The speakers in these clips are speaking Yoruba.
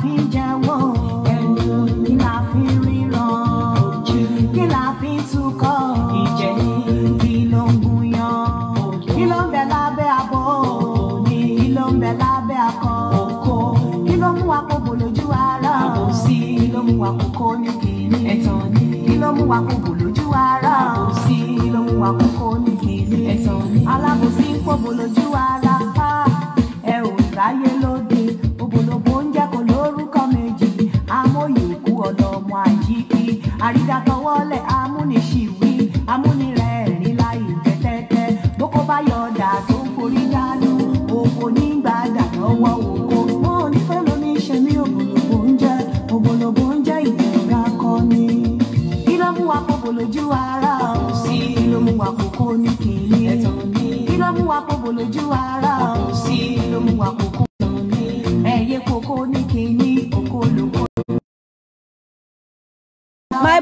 Pinja.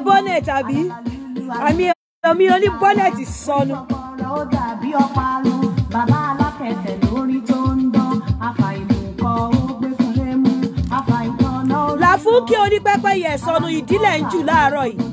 bọ́nẹ̀tì àbí àmì ẹ̀mí oní bọ́nẹ̀tì sọnù. ó dàbí ọparun bàbá alákẹ̀tẹ̀ lórí tó ń dán afàìmùkọ ó gbé sọnù ìdílé ń jù láàárọ̀ yìí.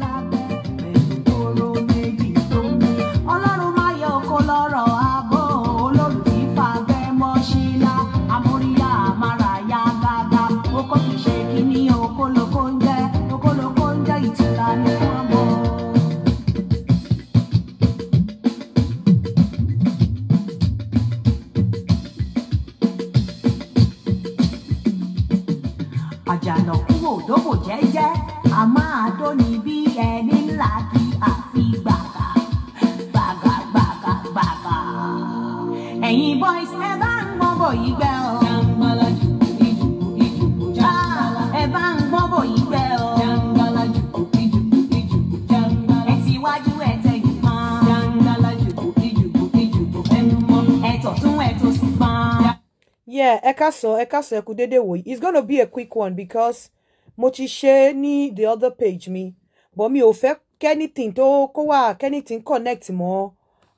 yeah ẹ káàsán ẹ káàsán ẹ kú déédéé it's gonna be a quick one because mo ti ṣe ní the other page mi but mi ò fẹ́ kẹ́nìtìn tó kó wà kẹ́nìtìn connect mọ́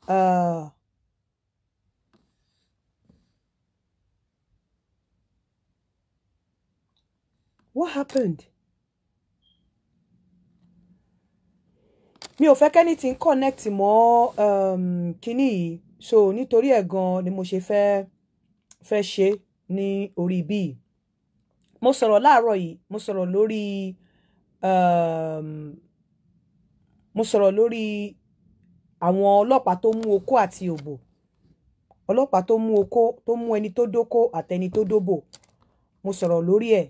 uh, what happened? mi ò fẹ́ kẹ́nìtìn connect mọ́ um, kínní yìí so nitori ẹ̀ gan ni mo ṣe fẹ́ fẹ́ ṣe ní orí bíi mo sọ̀rọ̀ láàárọ̀ yìí mo sọ̀rọ̀ lórí um, mo sọ̀rọ̀ lórí àwọn ọlọ́pàá tó mú okó àti òbò ọlọ́pàá tó mú okó tó mú ẹni tó dóko àtẹni tó dóbò mo sọ̀rọ̀ lórí ẹ̀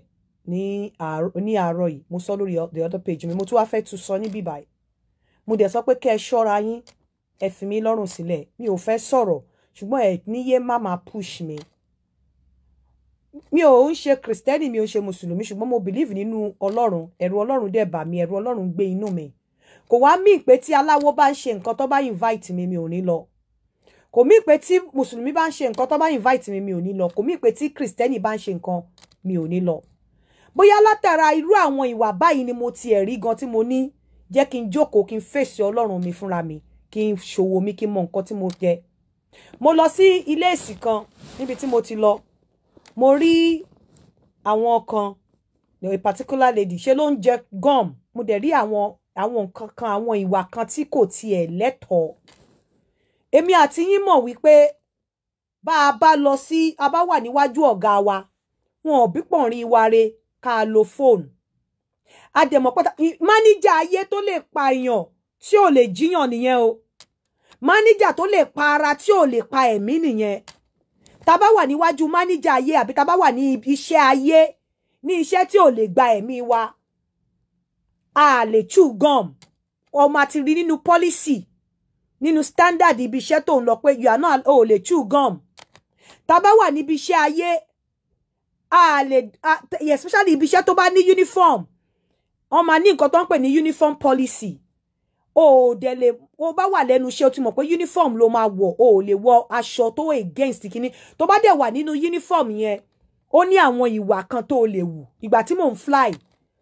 ní àárọ̀ yìí mo sọ lórí the other page mi mo tún wá fẹ́ tún sọ níbí báyìí mo dẹ̀ sọ pé kẹ́ ẹ ṣọ́ra yín ẹ fi mí lọ́rùn sílẹ̀ mi ò fẹ́ sọ̀rọ̀ ṣùgbọ́n ẹ níyé má máa push mi mi ò ń ṣe kristẹni mi ò ń ṣe mùsùlùmí ṣùgbọ́n mo believe nínú ọlọ́run ẹ̀rù ọlọ́run dẹ̀ bà mí ẹ̀rù ọlọ́run gbé inú mi kò wá mí pé tí aláwo bá ń ṣe nǹkan tó bá invite mi mi ò ní lọ kò mí pé tí mùsùlùmí bá ń ṣe nǹkan tó bá invite mi mi ò ní lọ kò mí pé tí kristẹni bá ń ṣe nǹkan mi ò ní lọ bóyá látara irú àwọn ìwà báyìí ni mo ti ẹ̀rí gan tí mo ní jẹ́ kí n jókòó kí n fèsì ọlọ́run mi fúnra mi kí n ṣòwò mi kí n mọ nǹkan tí mo jẹ mo lọ sí ilé èsì kan níbi tí mo ti lọ mo rí àwọn kan a particular lady ṣe ló ń jẹ gum mo dẹ̀ rí àwọn àwọn nǹkan kan àwọn ìwà kan tí kò tiẹ̀ lẹ́tọ̀ọ́ èmi àti yín mọ̀ wípé bá a bá lọ sí a bá wà níwájú ọ̀gá wa wọn ò bí pọ̀nrín wa re ká lo fóònù àdèmọ̀pátá máníjà ayé tó lè pààyàn tí ò lè jíyàn nìyẹn o máníjà tó lè pa ara tí ò lè pa ẹ̀mí nìyẹn tá bá wà níwájú máníjà ayé àbí tá bá wà ní iṣẹ́ ayé ní iṣẹ́ tí ò lè gba ẹ̀mí wa a lè chew gum ọmọ àti rí nínú policy nínú standard ibi iṣẹ́ tó ń lọ pé you are not o lè chew gum tá a bá wà níbi iṣẹ́ ayé a lè especially ibi iṣẹ́ tó bá ní uniform wọ́n máa ní nǹkan tó ń pè ní uniform policy o ò dẹ̀ lè o bá wà lẹ́nu iṣẹ́ o ti mọ̀ pé uniform ló máa wọ̀ o ò lè wọ aṣọ tó against kínní tó bá dẹ̀ wà nínú uniform yẹn ó ní àwọn ìwà kan tó lè wù ìgbà tí mò ń fly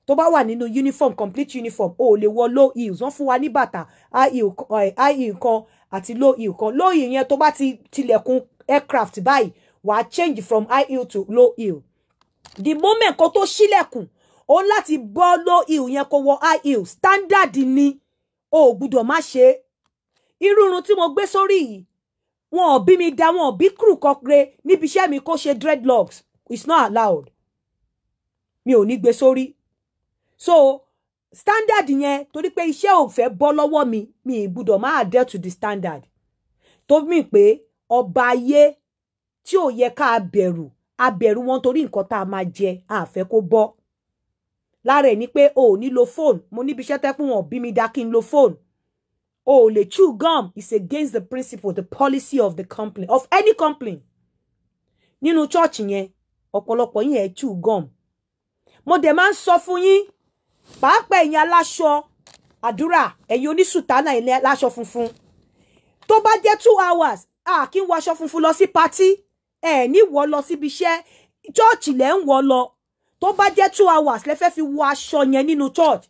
tó bá wà nínú uniform complete uniform o ò lè wọ low heels wọ́n fún wa ní bàtà high heel eh, kan àti low heel kan low heel yẹn tó bá ti tilẹ̀kùn aircraft báyìí wàá change from high heel to low heel the moment kan tó ṣílẹ̀kùn o láti bọ́ low heel yẹn kó wọ high heel standard ni o ò gbúdọ̀ má ṣe irú irun tí mo gbé sórí yìí wọn ò bí mi dá wọn ò bí crew kan re níbi iṣẹ́ mi kó ṣe dreadlocks it's not allowed mi ò ní gbé sórí so standard yẹn torí pé iṣẹ́ ò fẹ́ bọ́ lọ́wọ́ mi mi ì gbúdọ̀ máa adhere to the standard tó mì pé ọba ayé tí ò yẹ ká bẹ̀rù a wọn torí nǹkan tá a máa jẹ a kó bọ́ lára ẹ̀ ni pé o ò ní lo fóònù mo níbi iṣẹ́ tẹ́kùn wọn bí mi dá kí n lo fóònù o ò lè chew gum is against the principle the policy of the company of any company nínú chọ́ọ̀chì yẹn ọ̀pọ̀lọpọ̀ yín ẹ̀ chew gum mo dẹ̀ máa ń sọ fún yín pàápàá ẹ̀yin aláṣọ àdúrà ẹ̀yin onísùtánà ẹ̀yin aláṣọ funfun tó bá jẹ́ two hours Ah, kì í wọ aṣọ funfun lọ sí patí ẹ̀ ní wọ́ lọ síbi iṣẹ́ chọ́ọ̀chì lẹ́ ń wọ́ lọ tó bá jẹ́ two hours lẹ́ fẹ́ fi wọ aṣọ yẹn nínú church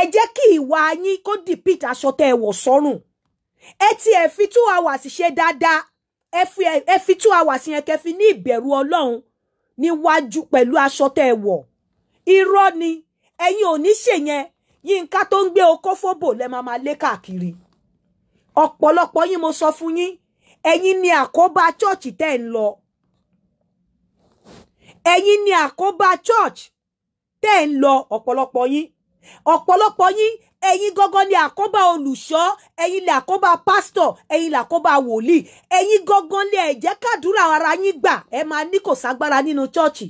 ẹ jẹ́ kí ìwà yín kó dìpìtì aṣọ tẹ́ ẹ wọ̀ sọ́rùn ẹ ti ẹ fi two hours ṣe dáadáa ẹ fi ẹ fi two hours yẹn kẹ́ fi ní ìbẹ̀rù ọlọ́run níwájú pẹ̀lú aṣọ tẹ́ ẹ wọ̀ irọ́ ni eyi ò ní ṣe yẹn yínká tó ń gbé okó fóbò lẹ máa máa lé káàkiri yín mo sọ fún yín ẹ̀yin ni àkóbá chọ́ọ̀chì tẹ́ ń lọ ẹ̀yin ni àkóbá church tẹ́ ń lọ ọ̀pọ̀lọpọ̀ yín ọ̀pọ̀lọpọ̀ yín ẹ̀yin gangan ni àkóbá olùṣọ́ ẹ̀yin ni àkóbá pásítọ̀ ẹ̀yin ni àkóbá wòlíì ẹ̀yin gangan ni ẹ jẹ́ ara yín gbà ẹ máa ní kò ságbára nínú church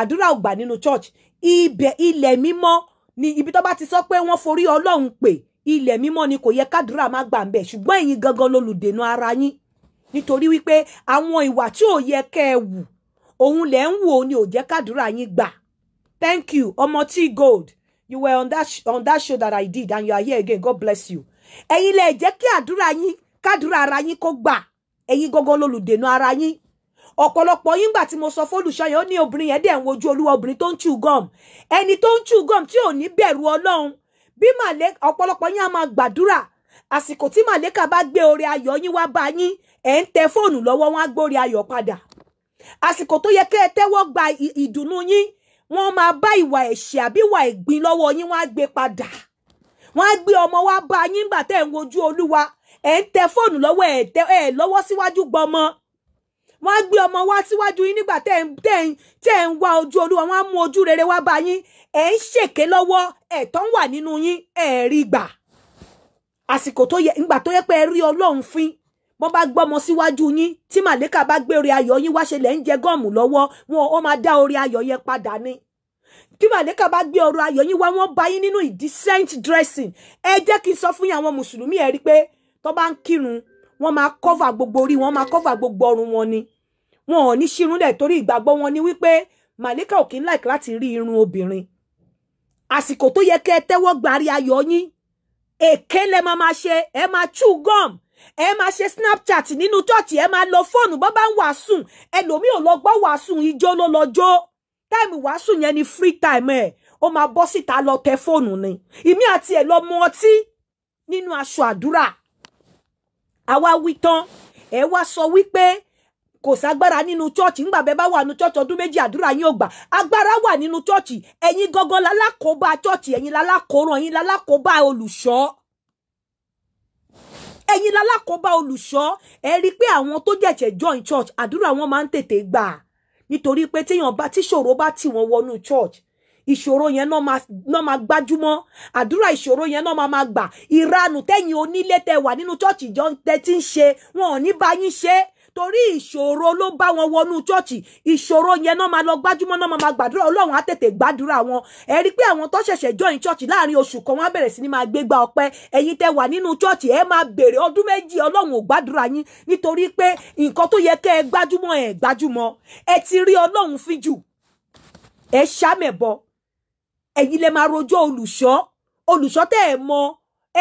àdúrà ò gbà nínú church ibẹ̀ ilẹ̀ mímọ́ ni ibi tó bá ti sọ pé wọ́n forí ọlọ́run pè ilẹ̀ mímọ́ ni kò yẹ kádùúrà má gbà ń bẹ̀ ṣùgbọ́n ẹ̀yin gangan lolùdènà ara yín nítorí wípé àwọn ìwà tí ò yẹ kẹ́ ẹ wù òun lẹ̀ ń wò ni ò jẹ́ kádùúrà yín gbà thank you ọmọ t gold you were on that, on that show that I did and you are here again God bless you ẹ̀yin lẹ̀ jẹ́ kí àdúrà yín kádùúrà ara yín kó gbà ẹ̀yin gangan lolùdènà ara yín ọ̀pọ̀lọpọ̀ yín gbà tí mo sọ fólùṣọyẹ ó ní obìnrin yẹn dẹ̀ ń wojú olúwa obìnrin tó ń chew gum ẹni tó ń chew gum tí ò ní bẹ̀rù ọlọ́run bí màlẹ́ ọ̀pọ̀lọpọ̀ yín á máa gbàdúrà àsìkò tí màlẹ́kà bá gbé oore ayọ̀ yín wá bá yín ẹ̀ ń tẹ fóònù lọ́wọ́ wọn á gbóore ayọ̀ padà àsìkò tó yẹ kẹ́ ẹ tẹ́wọ́ gba ìdùnnú yín wọ́n máa bá ìwà ẹ̀ṣẹ̀ àbí ìwà ìgbín lọ́wọ́ yín wọ́n á gbé padà wọ́n á gbé ọmọ wá bá yín gbà tẹ́ ẹ̀ ń wojú olúwa ẹ̀ ń tẹ fóònù lọ́wọ́ ẹ̀ lọ́wọ́ síwájú gbọmọ wọ́n á gbé ọmọ wá síwájú yín nígbà tẹ́ ń tẹ́ ń tẹ́ ń wá ojú olúwa wọ́n á mú ojú rere wá bá yín ẹ̀ ń ṣèké lọ́wọ́ ẹ̀tọ́ ń wà nínú yín ẹ̀ rí gbà àsìkò tó yẹ ìgbà tó yẹ pé ẹ rí ọlọ́run fín bọ́n bá gbọ́mọ síwájú yín tí màlẹ́kà bá gbé orí ayọ̀ yín wáṣẹ lẹ́ ń jẹ gọ́ọ̀mù lọ́wọ́ wọn ó máa dá orí ayọ̀ yẹn padà ni tí màlẹ́kà bá gbé ọrọ̀ ayọ̀ yín wá wọ́n bá yín nínú indecent dressing ẹ jẹ́ kí n sọ fún yín àwọn mùsùlùmí ẹ rí pé tó bá ń kírun wọ́n máa cover gbogbo orí wọn máa cover gbogbo ọrùn wọn ni wọn ò ní ṣírun dẹ̀ torí ìgbàgbọ́ wọn ni wípé màlíkà ò kí ń like láti rí irun obìnrin àsìkò tó yẹ kẹ ẹ tẹ́wọ́ gbàrí ayọ̀ yín èké lẹ máa máa ṣe ẹ máa chew gum ẹ máa ṣe snapchat nínú chọ́ọ̀chì ẹ máa lọ fóònù bọ́ bá ń wàásùn ẹlòmíì ò lọ gbọ́ wàásùn ijó ló lọ jó táìmù wàásùn yẹn ni free time ẹ̀ ó máa bọ́ síta lọ tẹ fóònù ni ìmí àti ẹ̀ lọ mu ọtí nínú aṣọ àdúrà àwa wí tán ẹ wá sọ wípé kò ságbára nínú chọ́ọ̀chì ńgbà bẹ́ẹ̀ bá wà nínú chọ́ọ̀chì ọdún méjì àdúrà yín ò gbà agbára wà nínú chọ́ọ̀chì ẹ̀yin gangan lálákòóbá chọ́ọ̀chì ẹ̀yin lálákòóràn ẹ̀yin lálákòóbá olùṣọ́ ẹ̀yin lálákòóbá olùṣọ́ ẹ rí i pé àwọn tó jẹ̀jẹ̀ join church àdúrà wọn máa ń tètè gbà nítorí pé téèyàn bá tíṣòro bá tì wọ́n wọnú church ìṣòro yẹn náà máa gbájúmọ́ àdúrà ìṣòro yẹn náà máa máa gbà ìranù tẹ́yìn onílé tẹ wà nínú chọ́ọ̀chì jọ tẹ ti ń ṣe wọn ò ní bá yín ṣe torí ìṣòro ló bá wọn wọnú chọ́ọ̀chì ìṣòro yẹn náà máa lọ gbájúmọ́ náà máa máa gbàdúrà ọlọ́run á tètè gbàdúrà wọn ẹ rí i pé àwọn tó ṣẹ̀ṣẹ̀ join chọ́ọ̀chì láàrin oṣù kan wọn á bẹ̀rẹ̀ sí ni máa gbégbá ọpẹ́ ẹ̀yin tẹ́ wà nínú chọ́ọ̀chì ẹ máa bèrè ọdún méjì ọlọ́run ò gbàdúrà yín nítorí pé nǹkan tó yẹ kẹ́ ẹ gbájúmọ́ ẹ gbájúmọ́ ẹ ti rí ọlọ́run fíjù ẹ ṣàmẹ̀bọ ẹ̀yin lè máa rojọ́ olùṣọ́ olùṣọ́ tẹ́ ẹ̀ mọ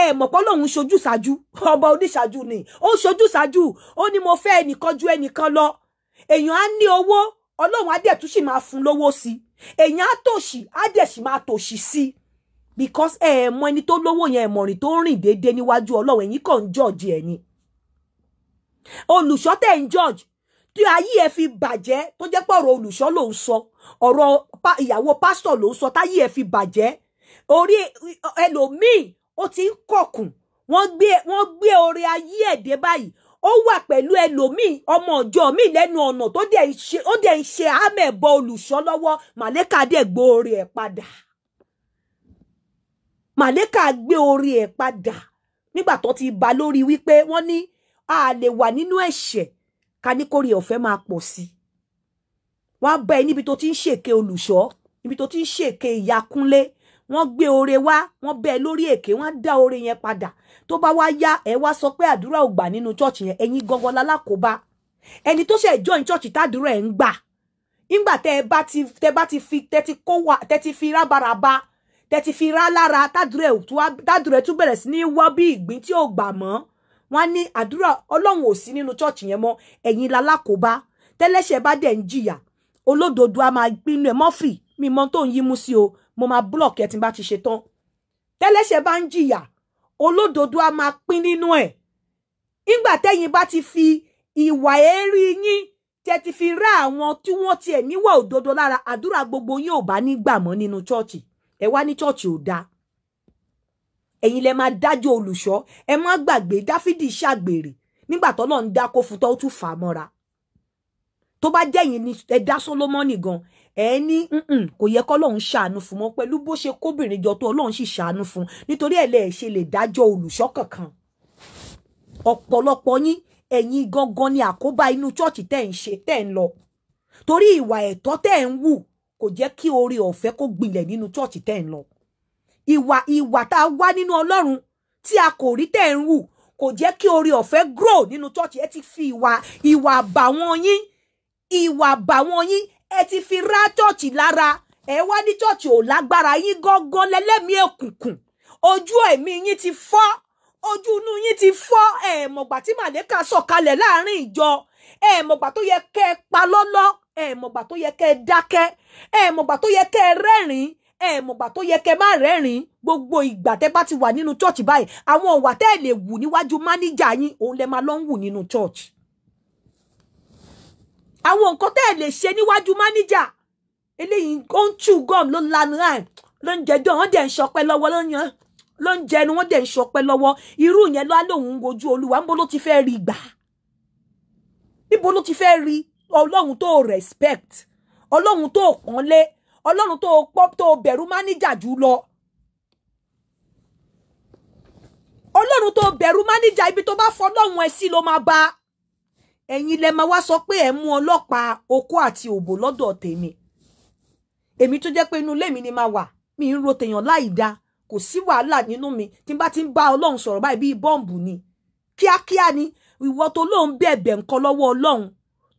ẹ mọ̀ pé lòun ṣojú ṣáájú ọba oníṣáájú ni ó ṣojú ṣáájú ó ní mo fẹ́ ẹnìkan ju ẹnìkan lọ èèyàn á ní owó ọlọ́run á dẹ̀ tún sì máa fún lówó sí èèyàn á tòṣì á dẹ̀ sì máa tòṣì sí because ẹ mọ ẹni tó lówó yẹn ẹmọ rìn tó ń rìn déédéé níwájú ọlọ́run ẹ̀yin kàn ń jọ́ọ̀jì ẹ̀ ni olùṣọ́ tẹ̀ ń jọ́ọ̀jì tí ayé ẹ fi bàjẹ́ tó jẹ́ pọ̀rọ̀ olùṣọ́ lòun sọ ọ̀rọ̀ ìyàwó pásítọ̀ ló ń sọ táyé ẹ̀ fi bàjẹ́ orí ẹlòmíì ó ti ń kọ̀kùn wọ́n gbé wọ́n gbé orí ayé ẹ̀ dé báyìí ó wà pẹ̀lú ẹlòmíì ọmọ ọjọ́ mi lẹ́nu ọ̀nà tó dẹ̀ ṣe ó dẹ̀ ṣe àmẹ̀bọ olùṣọ́ lọ́wọ́ màlẹ́kà dẹ̀ gbé orí ẹ̀ padà màlẹ́kà gbé orí ẹ̀ padà nígbà tó ti bá lórí wípé wọ́n ní a lè wà nínú ẹ̀ṣẹ̀ ká ní kórè ọ̀fẹ́ máa pọ̀ sí i wọ́n á bá ẹ e níbi tó ti ń ṣèké olùṣọ́ níbi tó ti ń ṣèké ìyakunlé wọ́n gbé oore wá wọ́n bẹ́ ẹ lórí èké wọ́n á dá oore yẹn padà tó bá wá yá ẹ wá sọ pé àdúrà ò gbà nínú chọ́ọ̀chì yẹn ẹ̀yin gangan lálákòóbá ẹni tó ṣe join chọ́ọ̀chì tádùúrà ẹ̀ ń gbà ńgbà tẹ́ ẹ bá ti tẹ́ bá ti fi tẹ́ ti kó wà tẹ́ ti fi rábaraba tẹ́ ti fi rá lára tádùúrà ẹ̀ tún bẹ̀rẹ̀ sí ní wọ́ bí ìgbín tí ò gbà mọ́ wọ́n ní àdúrà ọlọ́run ò sí nínú chọ́ọ̀chì yẹn mọ́ ẹ̀yin lálákòóbá tẹ́lẹ́ṣẹ̀ bá dẹ̀ ń jìyà olódodo a máa gbínú ẹ mọ́fì mi mọ́ tó ń yí mú o mo máa block ẹ tí n bá ti ṣe tán tẹ́lẹ́ṣẹ̀ bá ń jìyà olódodo a máa pín nínú ẹ̀ nígbà tẹ́yin bá ti fi ìwà èérí yín tẹ́ ti fi rá àwọn tí e tiẹ̀ níwà òdodo lára àdúrà gbogbo o ò bá nígbà mọ́ nínú chọ́ọ̀chì ẹ wá ní chọ́ọ̀chì ò dáa ẹ̀yin lẹ máa dájọ́ olùṣọ́ ẹ má gbàgbé dáfídì ṣàgbèrè nígbà tọ́lọ́ ń dákó fún tọ́ ó tún fà á mọ́ra tó bá jẹ́ yín ni ẹ dá Solomoni gan ẹ ní kò yẹ kọ́lọ́run ṣàánú fún mọ́ pẹ̀lú bó ṣe kóbìnrin jọ tó Ọlọ́run sì ṣàánú fún nítorí ẹ̀ lẹ́ẹ̀ ṣe lè dájọ́ olùṣọ́ kankan ọ̀pọ̀lọpọ̀ yín ẹ̀yin gangan ni àkóbá inú chọ́ọ̀chì tẹ́ ń ṣe tẹ́ ń lọ torí ìwà ẹ̀tọ́ tẹ́ ń wù kò jẹ́ kí oore ọ̀fẹ́ kó gbilẹ̀ nínú chọ́ọ̀chì tẹ́ ń lọ ìwà ìwà tá a wá nínú Ọlọ́run tí a kò rí tẹ́ ń wù kò jẹ́ kí oore ọ̀fẹ́ grow nínú chọ́ọ̀chì ẹ ti fi ìwà ìwà àbàwọ́n yín ìwà bàwọn yín ẹ ti fi rá chọ́ọ̀chì lára ẹ wá ní chọ́ọ̀chì ò lágbára yín gángan lẹ́lẹ́mìí òkùnkùn ojú ẹ̀mí yín ti fọ́ ojú inú yín ti fọ́ ẹ mọ̀gbà tí màlẹ́kà sọ̀kalẹ̀ láàrin ìjọ ẹ mọ̀gbà tó yẹ kẹ́ ẹ pa lọ́lọ́ ẹ mọ̀gbà tó yẹ kẹ́ ẹ dákẹ́ ẹ mọ̀gbà tó yẹ kẹ́ ẹ rẹ́rìn-ín ẹ mọ̀gbà tó yẹ kẹ́ má rẹ́rìn-ín gbogbo ìgbà tẹ́ bá ti wà nínú chọ́ọ̀chì báyìí àwọn ọ̀wà tẹ́ lè wù níwájú máníjà yín òun lẹ máa lọ ń wù nínú chọ́ọ̀chì àwọn nǹkan tẹ́ ẹ̀ lè ṣe níwájú máníjà eléyìí ó ń chew gum ló lanu ẹ̀ ló ń jẹjọ́ wọ́n dẹ̀ ń ṣọpẹ́ lọ́wọ́ ló ń yan ló ń jẹnu wọ́n dẹ̀ ń ṣọpẹ́ lọ́wọ́ irú yẹn ló á lóun wojú olúwa níbo ló ti fẹ́ rí gbà níbo ló ti fẹ́ rí ọlọ́run tó respect ọlọ́run tó pọ́nlé ọlọ́run tó pọ́ tó bẹ̀rù máníjà jù lọ. ọlọ́run tó bẹ̀rù máníjà ibi tó bá fọ́ ọlọ́run ẹ̀ sí ló máa bá ẹ̀yin lẹ máa wá sọ pé ẹ̀ mú ọlọ́pàá okó àti òbò lọ́dọ̀ tèmi èmi tó jẹ́ pé inú ilé mi ni máa wà mi ń ro tèèyàn láì da kò sí wàhálà nínú mi tí n bá ti ń bá ọlọ́run sọ̀rọ̀ báyìí bíi bọ́ǹbù ni kíákíá ni ìwọ tó lóun bẹ̀bẹ̀ nǹkan lọ́wọ́ ọlọ́run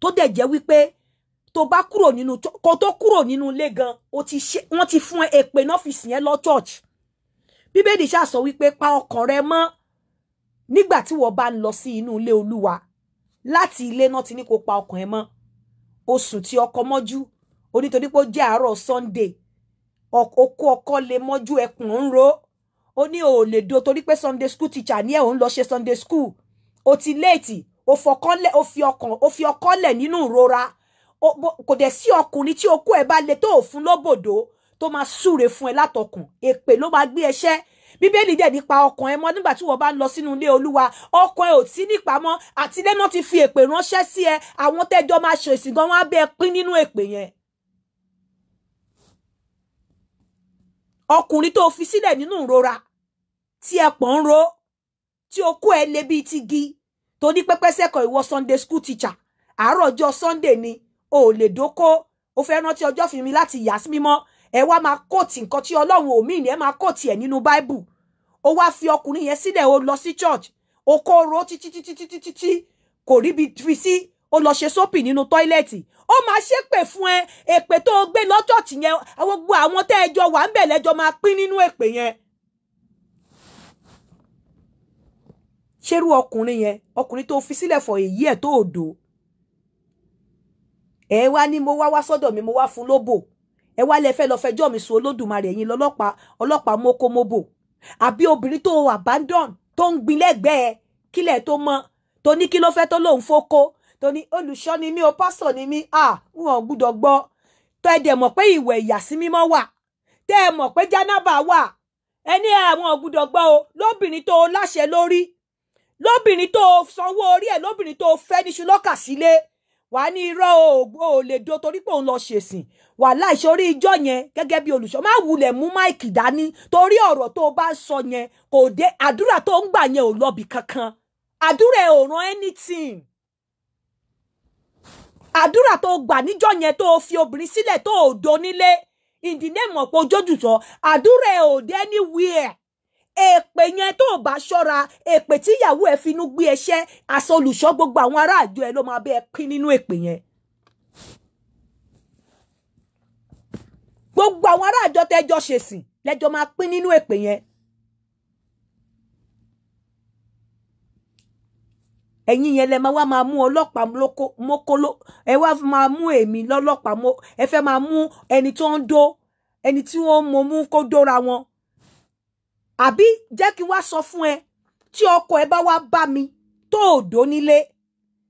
tó dẹ̀ jẹ́ wípé tó bá kúrò nínú kó tó kúrò nínú ilé gan wọ́n ti fún èpè náà fi sìn ẹ́ lọ church bíbélì ṣàsọ wípé pa ọkàn rẹ mọ́ nígbà tí wọ́n bá ń lọ sí inú ilé olúwa láti ilé náà ti ní kó pa ọkàn ẹ mọ́ o sùn tí ọkọ mọ́jú o nítorí pé ó jẹ́ àárọ̀ Sunday okó ọkọ lè mọ́jú ẹkùn ń ro ó ní o ò lè do torí pé Sunday school teacher ní ẹ̀ ò lọ ṣe Sunday school o ti léètì o fọkànlẹ̀ o fi ọkàn o fi ọkọ lẹ̀ nínú ìrora kò dẹ̀ sí ọkùnrin tí okó ẹ bá le tó òfun lóbòdó tó máa súre fún ẹ látọkùn èpè ló máa gbé ẹṣẹ́ bíbélì dẹ̀ nípa ọkàn ẹ mọ́ nígbà tí wọ́n bá ń lọ sínú ilé olúwa ọkàn ẹ ò tí nípamọ́ àti lẹ́nà ti fi èpè ránṣẹ́ sí ẹ àwọn tẹ́jọ́ máa ṣe ìsìn gan wọn á bẹ́ẹ̀ pín nínú èpè yẹn. ọkùnrin tó fi sílẹ̀ nínú ìrora tí ẹ ń ro tí o ẹ lé bíi ti gi tó ní pẹ́pẹ́sẹ́kọ̀ ìwọ Sunday school teacher àárọ̀ ọjọ́ Sunday ni o ò lè dóko o fẹ́ rántí ọjọ́ fi mi láti yà sí mímọ́ ẹ ma máa kóòtì nǹkan tí ọlọ́run ò mìíní ẹ máa kóòtì ẹ̀ nínú báíbù ó wá fi ọkùnrin yẹn sílẹ̀ ó lọ sí church o kó ro títí títí títí títí kò ríbi fi sí ó lọ ṣe sópì nínú tọ́ílẹ̀tì ó máa ṣépè fún ẹ èpè tó o gbé lọ church yẹn gbogbo àwọn tẹ́ ẹ jọ wà ń bẹ̀ lẹ́jọ́ máa pín nínú èpè yẹn. ṣerú ọkùnrin yẹn ọkùnrin tó fi sílẹ̀ fọ èyí ẹ̀ tó òdo ẹ wá ní mo wá wá sọ́dọ̀ mi mo wá fún lóbò ẹ wá lẹ fẹ́ lọ fẹjọ́ mi sùn olódùmarè ẹ̀yin lọ́lọ́pàá ọlọ́pàá mokomobo àbí obìnrin tó abandon tó ń gbin lẹ́gbẹ̀ẹ́ kílẹ̀ tó mọ tó ní kí ló fẹ́ tó lóun fóko tó ní olùṣọ́ ni mí o pásọ̀ ni mí à ń hàn gbúdọ̀ gbọ́ tó ẹ dẹ̀ mọ̀ pé ìwẹ̀ ìyàsí mímọ́ wà tẹ́ ẹ mọ̀ pé jánábà wà ẹni àwọn ọ̀gbùdọ̀ gbọ́ o lóbìnrin tó láṣẹ lórí lóbìnrin tó sanwó orí ẹ̀ lóbìnrin tó fẹ́ níṣu lọ́kà sílé. Si wà á ní irọ́ ògbó òlèdo torí pé òun lọ ṣèsìn wà láìṣe orí ijọ́ yẹn gẹ́gẹ́ bí olùṣọ́ má wulẹ̀ mú máìkì dání torí ọ̀rọ̀ tó o bá sọ yẹn kò dé àdúrà tó ń gbà yẹn ò lọ́bì kankan àdúrà ò ran anything àdúrà tó gbà níjọ́ yẹn tó o fi obìnrin sílẹ̀ tó o do nílé ìdílé mọ̀ pé ojójútọ̀ àdúrà ò dé anywhere èpè yẹn tó bá ṣọ́ra èpè tí ìyàwó ẹ finú gbé ẹṣẹ́ àsolùṣọ́ gbogbo àwọn aráàjọ ẹ ló máa bẹ ẹ pín nínú èpè yẹn. gbogbo àwọn aráàjọ tẹjọ ṣèsìn lẹjọ máa pín nínú èpè yẹn. ẹ̀yin yẹn lẹ máa wá máa mú ọlọ́pàá mọ́kóló ẹ wá máa mú èmi lọ́lọ́pàá mọ́ ẹ fẹ́ máa mú ẹni tó ń dó ẹni tí wọ́n mọ̀ mú kó dóra wọn àbí jẹ́ kí wá sọ fún ẹ tí ọkọ ẹ bá wá bá mi tó òdó nílé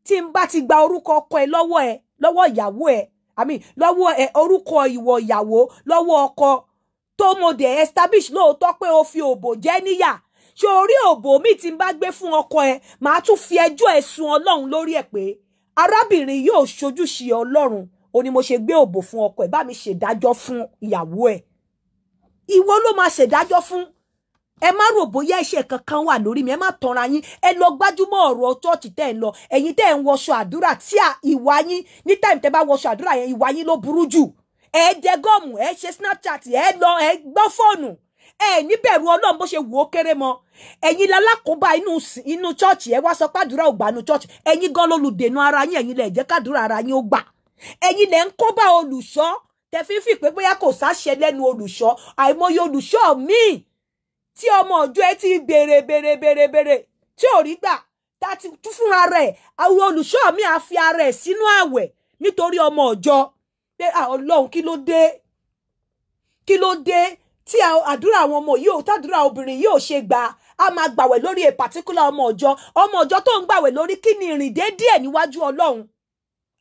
tí n bá ti gba orúkọ ọkọ ẹ lọ́wọ́ ẹ lọ́wọ́ ìyàwó ẹ àmì lọ́wọ́ ẹ orúkọ ìwọ ìyàwó lọ́wọ́ ọkọ tó mo dẹ̀ establish lóòótọ́ pé o fi òbò jẹ́ níyà ṣé orí òbò mi ti bá gbé fún ọkọ ẹ màá tún fi ẹjọ́ ẹ̀sùn ọlọ́run lórí ẹ̀ pé arábìnrin yóò ṣojúṣe ọlọ́run o ní mo ṣe gbé òbò fún ọkọ ẹ bá mi ṣèdájọ́ fún ìyàwó ẹ ìwọ ló máa ṣèdájọ́ fún ẹ má rò bóyá ẹ̀ṣẹ̀ kankan wà lórí mi ẹ má tanra yín ẹ lọ gbájúmọ́ ọ̀rọ̀ chọọchì tẹ́ ẹ ń lọ ẹ̀yin tẹ́ ẹ ń wọṣọ àdúrà tí ìwà yín ní táìmù tẹ́ bá wọṣọ àdúrà yẹn ìwà yín ló burú jù ẹ jẹ gọọmù ẹ ṣe snapchat ẹ lọ ẹ gbọ́ fóònù ẹ níbẹ̀rù Ọlọ́run bó ṣe wù ó kéré mọ́ ẹ̀yin lalákòóbá inú inú chọọchì ẹ wá sọ pàdúrà ò gbà nu chọọchì ẹ̀yin gan lolùdènà ara yín ẹ̀yin lẹ jẹ́ kádùrà ara yín ó gbà ẹ̀yin lẹ ń kóbá olùṣọ́ tẹ fífi pé bóyá kò sáṣẹ lẹ́nu olùṣọ́ àìmọye olùṣọ́ míì tí ọmọ ọjọ́ ẹ ti béèrè béèrè béèrè béèrè tí ò rí gbà tá ti tún fúnra rẹ̀ àwọn olùṣọ́ mi á fi ara ẹ̀ sínú àwẹ̀ nítorí ọmọ ọjọ́ pé ọlọ́run kí ló dé kí ló dé tí àdúrà àwọn ọmọ yìí ò tàdúrà obìnrin yìí ò ṣe gbà á máa gbàwẹ̀ lórí a particular ọmọ ọjọ́ ọmọ ọjọ́ tó ń gbàwẹ̀ lórí kí ni ìrìndé díẹ̀ níwájú ọlọ́run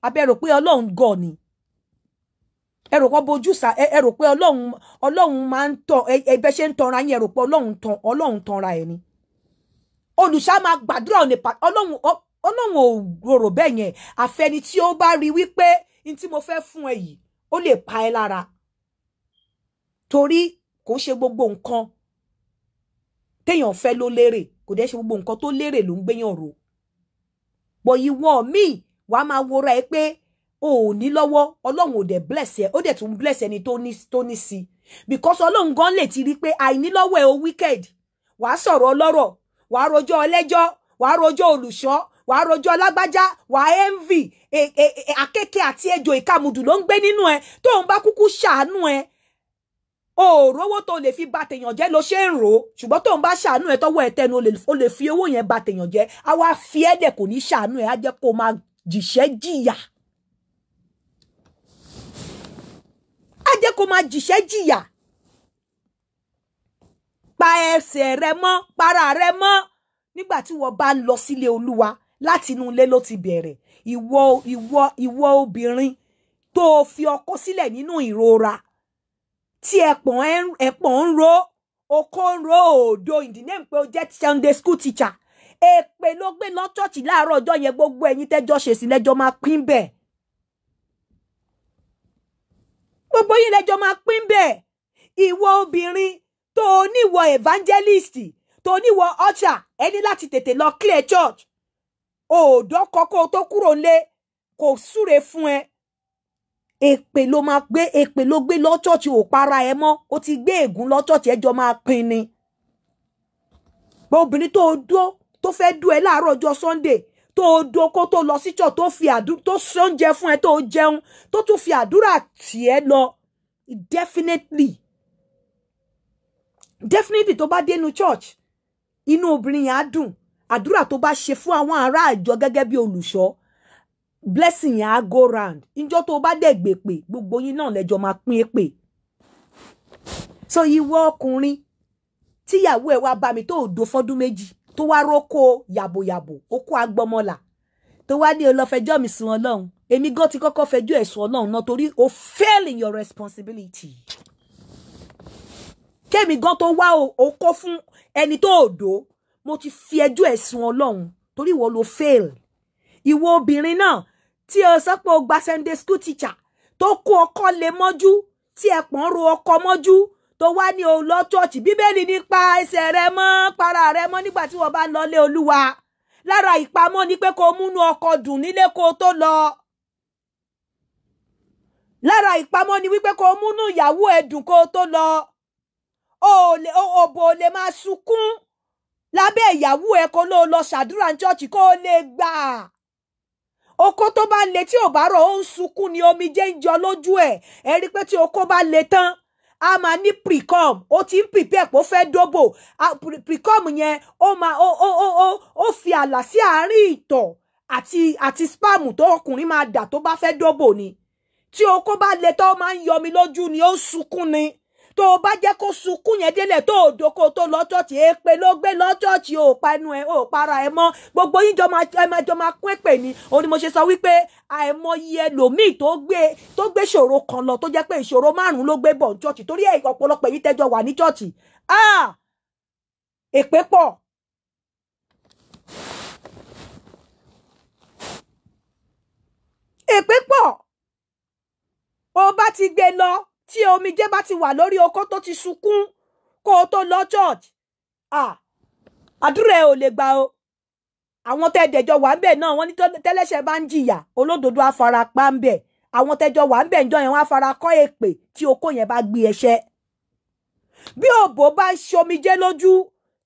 abẹ́rò pé ọlọ́run gọ̀ ni ẹ rò pé bojú sá ẹ rò pé ọlọ́run ọlọ́run máa ń tàn ẹ bẹ́ ṣe ń tanra yín ẹ rò pé ọlọ́run tan ọlọ́run tanra ẹ ni olùṣá máa gbàdúrà òní pa ọlọ́run ọlọ́run ò rorò bẹ́ẹ̀ yẹn àfẹni tí ó bá rí wípé n tí mo fẹ́ fún ẹ yìí ó lè pa ẹ lára torí kò ṣe gbogbo nǹkan téèyàn fẹ́ ló lérè kò dẹ́ ṣe gbogbo nǹkan tó lérè ló ń gbéyàn rò pọ̀ ìwọ míì wàá máa wòra ẹ pé o ò ní lọ́wọ́ ọlọ́run ò dẹ̀ bless ẹ ó dẹ̀ tún bless ẹni tó ní tó ní because ọlọ́run gan lè ti rí pé àìnílọ́wọ́ ẹ o wicked wàá sọ̀rọ̀ ọlọ́rọ̀ wàá rojọ́ ọlẹ́jọ́ wàá rojọ́ olùṣọ́ wàá rojọ́ alágbájá wàá envy e, e, e, àkekèé àti ejò ìkàmùdù ló ń gbé nínú ẹ tóun bá kúkú ṣàánú ẹ o rówó tó lè fi ba tèèyàn jẹ́ ló ṣe ń rò ó ṣùgbọ́n tóun bá ṣàánú ẹ tọ́wọ́ ẹ tẹnu o lè fi owó yẹn ba tèèyàn jẹ́ àwa fi ẹ́ dẹ̀ kò ní ṣàánú ẹ á jẹ́ kó máa jìṣẹ́ jìyà. á jẹ́ kó máa jìṣẹ́ jìyà pa ẹsẹ̀ rẹ mọ́ para rẹ mọ́ nígbà tí wọ́n bá ń lọ sílé olúwa láti inú ilé ló ti bẹ̀rẹ̀ ìwọ ìwọ ìwọ obìnrin tó o fi ọkọ sílẹ̀ nínú ìrora tí ẹ̀pọ̀n ẹ̀pọ̀n ń ro okó ń ro òdo ìdílé pé o jẹ́ Sunday school teacher èpè ló gbé lọ ṣọ́ọ̀ṣì láàárọ̀ ọjọ́ yẹn gbogbo ẹ̀yin tẹ́jọ́ ṣèṣì lẹ́jọ́ máa pín bẹ́ẹ̀ gbogbo yín lẹ́jọ́ máa pín bẹ́ẹ̀ ìwọ obìnrin tó níwọ evangelist tó níwọ usher ẹni láti tètè lọ clear church òòdọ́ kọ́kọ́ tó kúrò lé kò súre fún ẹ èpè ló máa gbé èpè ló gbé lọ church ò para ẹ mọ́ ó ti gbé ègún lọ church ẹjọ́ máa pín ni obìnrin tó dó tó fẹ́ dú ẹ láàárọ̀ ọjọ́ Sunday To doko tó lọ sí church tó fi àdúrà tó sóúnjẹ fún ẹ to jẹun To tún fi àdúrà tiẹ̀ lọ definitely definitely tó de dénú church inú obìnrin ya á dùn àdúrà tó bá ṣe fún àwọn ará àjọ gẹ́gẹ́ bí blessing ya go round Injo tó bá dẹ̀ gbè pé gbogbo yín náà lẹ́jọ́ máa pín pè so ìwọ ọkùnrin tíyàwó ẹ wá bá mi tó do fọ́dún méjì tó wá rókò yàbòyàbò okó agbọmọlà tó wá ní olọfẹjọ́ mi sùn Ọlọ́run èmi gan ti kọ́kọ́ fẹjọ́ ẹ̀sùn Ọlọ́run náà torí o fail in your responsibility kémi gan tó wá okó fún ẹni tó òdo mo ti fi ẹjọ́ ẹ̀sùn Ọlọ́run torí ìwọ ló fail ìwọ obìnrin náà tí o sọ pé o gba Sunday school teacher tó kó ọkọ lè mọ́jú tí ẹ ro ọkọ mọ́jú tó wá ní o lọ chọ́ọ̀chì bíbélì ní pa ẹsẹ̀ rẹ mọ́ para rẹ mọ́ nígbà tí wọ́n bá ń lọlé olúwa lára ìpamọ́ ni pé kó múnú ọkọ̀ dùn nílé kó tó lọ lára ìpamọ́ ni wípé kó múnú ìyàwó ẹ dùn kó tó lọ òbò lè máa sunkún lábẹ́ ìyàwó ẹ kó ló lọ ṣàdúrà ní chọ́ọ̀chì kó lè gbà oko tó bá le tí ò bá rọ̀ ó ń sunkún ni omijé ń jọ lójú ẹ̀ ẹ rí i pé tí oko bá le tán a máa ní precom ó ti ń prepare pé ó fẹ́ dóbò precom yẹn ó máa ó ó ó ó fi ààlà sí àárín ìtọ̀ àti àti spam tó ọkùnrin máa dà tó bá fẹ́ dóbò ni tí okó bá le tó máa ń yọmi lójú ni ó ń ni tó o bá jẹ́ kó sunkún yẹn délẹ̀ tó o doko tó lọ chọ́ọ̀chì èèpè ló gbé lọ chọ́ọ̀chì ò pa ẹnu ẹ ò para ẹ mọ́ gbogbo yín jọ máa jọ máa kún èpè ni òun ni mo ṣe sọ wípé àìmọye ẹlòmíì tó gbé tó gbé ṣòro kan lọ tó jẹ́ pé ìṣòro márùn-ún ló gbé bọ̀ ní chọ́ọ̀chì torí ọ̀pọ̀lọpọ̀ yìí tẹ́jọ wà ní chọ́ọ̀chì ah èpè pọ̀ èpè pọ̀ o bá ti gbé lọ tí omijé bá ti wà lórí okó tó ti sunkún kó o tó lọ church àdúrà ẹ ò lè gbà o àwọn tẹ dẹjọ wà ń bẹ náà wọ́n ní tẹlẹsẹ bá ń jìyà olódodo afarapa ń bẹ àwọn tẹjọ wà ń bẹ ń jọ yẹn wọ́n afarakọ èpè tí okó yẹn bá gbé ẹ̀ṣẹ̀ bí òbó bá ń ṣomijé lójú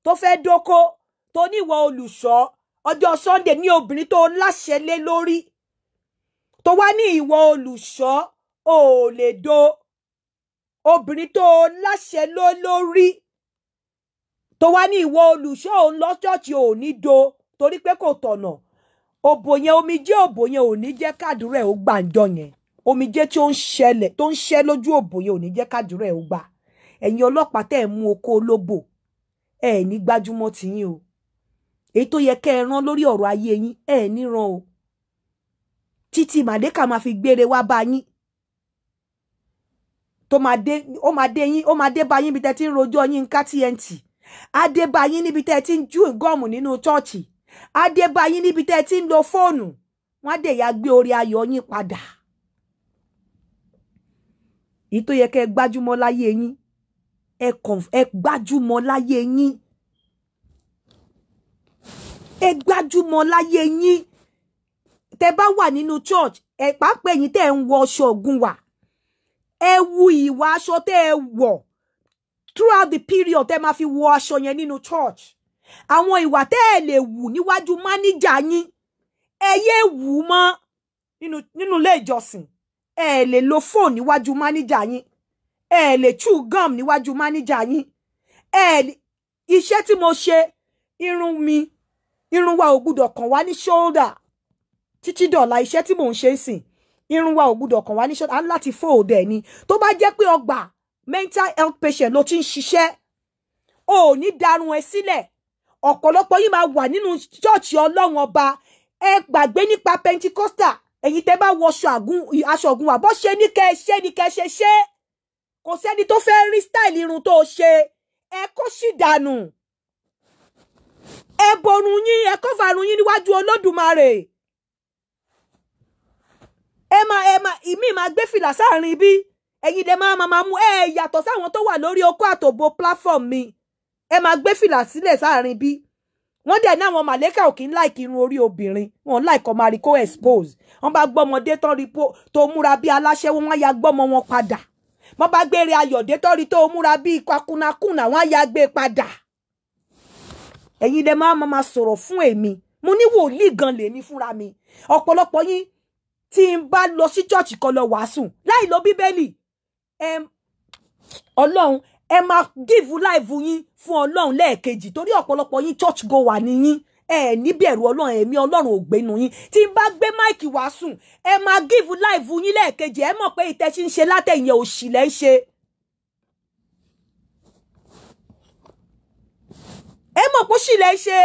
tó fẹ́ dóko tó níwọ olùṣọ́ ọjọ́ Sunday ní obìnrin tó láṣẹ lé lórí tó wá ní ìwọ olùṣọ́ ò lè do obìnrin tó o láṣẹ ló lórí tó wá ní ìwọ olùṣọ́ òun lọ ṣọ́ọ̀ṣì ò ní do torí pé kò tọ̀nà òbò yẹn omijé òbò yẹn ò ní jẹ́ kádùúrà ẹ̀ ó gbà ń jọ yẹn omijé tí ó ń ṣẹlẹ̀ tó ń ṣẹ́ lójú òbò ò ní jẹ́ kádùúrà ẹ̀ ó gbà ẹ̀yin ọlọ́pàá tẹ̀ ń mú oko olóbò ẹ̀ ní gbájúmọ́ tìyín o èyí tó yẹ kẹ́ ẹ rán lórí ọ̀rọ̀ ayé yín ẹ̀ ní ràn o títí màdékà máa fi gbére wá bá yín tó máa dé ó máa dé yín ó máa dé bá yín níbi tẹ́ ti ń rojọ́ yín ká TNT á dé bá yín níbi tẹ́ ti ń jú gọ́ọ̀mù nínú chọ́ọ̀chì á dé bá yín níbi tẹ́ ti ń lo fóònù wọ́n á ya gbé orí ayọ̀ yín padà èyí tó yẹ kẹ́ ẹ láyé yín ẹ gbájúmọ́ láyé yín ẹ gbájúmọ́ láyé yín tẹ́ bá wà nínú church ẹ pàápàá ẹ̀yin tẹ́ ń wọ ọṣọ ògùn wà ẹ wu ìwà aṣọ tẹ́ ẹ wọ̀ throughout the period tẹ́ máa fi wọ aṣọ yẹn nínú church àwọn ìwà tẹ́ ẹ lè wù níwájú máníjà yín ẹ yé wù ú mọ́ nínú ilé ìjọsìn ẹ lè lo fóònù níwájú máníjà yín ẹ lè chew gum níwájú máníjà yín ẹ iṣẹ́ tí mo ṣe irun mi irun wa ò gbúdọ̀ kàn wá ní ṣóldà títí dọ̀la iṣẹ́ tí mò ń ṣe ń sìn irun wa ò gbúdọ̀ kàn wá ní ṣọ́ọ̀tì láti fóòdù ẹ̀ ni tó bá jẹ́ pé ọgbà mental health patient ló ti ń ṣiṣẹ́ o ò ní darun ẹ sílẹ̀ ọ̀pọ̀lọpọ̀ yìí máa wà nínú ṣọ́ọ̀ṣì ọlọ́run ọba ẹ gbàgbé nípa pentikosta ẹ̀yin tẹ́ bá wọṣọ aṣọ ògùn wà bó ṣe ní kẹ́ ẹ ṣe ní kẹ́ ẹ ṣe ṣe kò sẹ́ni tó fẹ́ rí stáìlì irun tó ṣe ẹ kó sì dànù ẹ borun yín ẹ kó farun yín níwájú olódùmarè ẹ máa ẹ máa ìmí máa gbé fìlà sáàrin bí ẹ̀yin lè máa máa mú ẹ yàtọ̀ sáwọn tó wà lórí okó àtòbo platform mi ẹ máa gbé fìlà sílẹ̀ sáàrin bí wọ́n dẹ̀ ní àwọn màlẹ́kà ò kí ń láìkí irun orí obìnrin wọn láìkọ́ máa rí kó expose wọ́n bá gbọ́mọdé tán rí tó múra bí aláṣẹ́wó wọ́n ya gbọ́mọ wọn padà wọ́n bá gbére ayọ̀dé tán rí tó múra bí kakunakuna wọ́n ya gbé padà. ẹ̀yin lè máa máa sọ̀rọ̀ fún èmi mo ní wòlíì gan lèmi fúnra mi ọ̀pọ̀lọpọ̀ yín tí n bá lọ sí church kan lọ wàásù láì lo bíbélì ọlọ́run ẹ máa gíìfù láìfù yín fún ọlọ́run lẹ́ẹ̀kejì torí ọ̀pọ̀lọpọ̀ yín church go wà nìyín ẹ níbẹ̀rù ọlọ́run ẹ̀mí ọlọ́run ò gbénu yín tí n bá gbé máìkì wá sùn ẹ máa gíìfù láìfù yín lẹ́ẹ̀kejì ẹ mọ̀ pé ìtẹ́ ṣe ń ṣe látẹ̀yìn òṣì lẹ́ ń ṣe. ẹ mọ̀ pé òṣì lẹ́ ń ṣe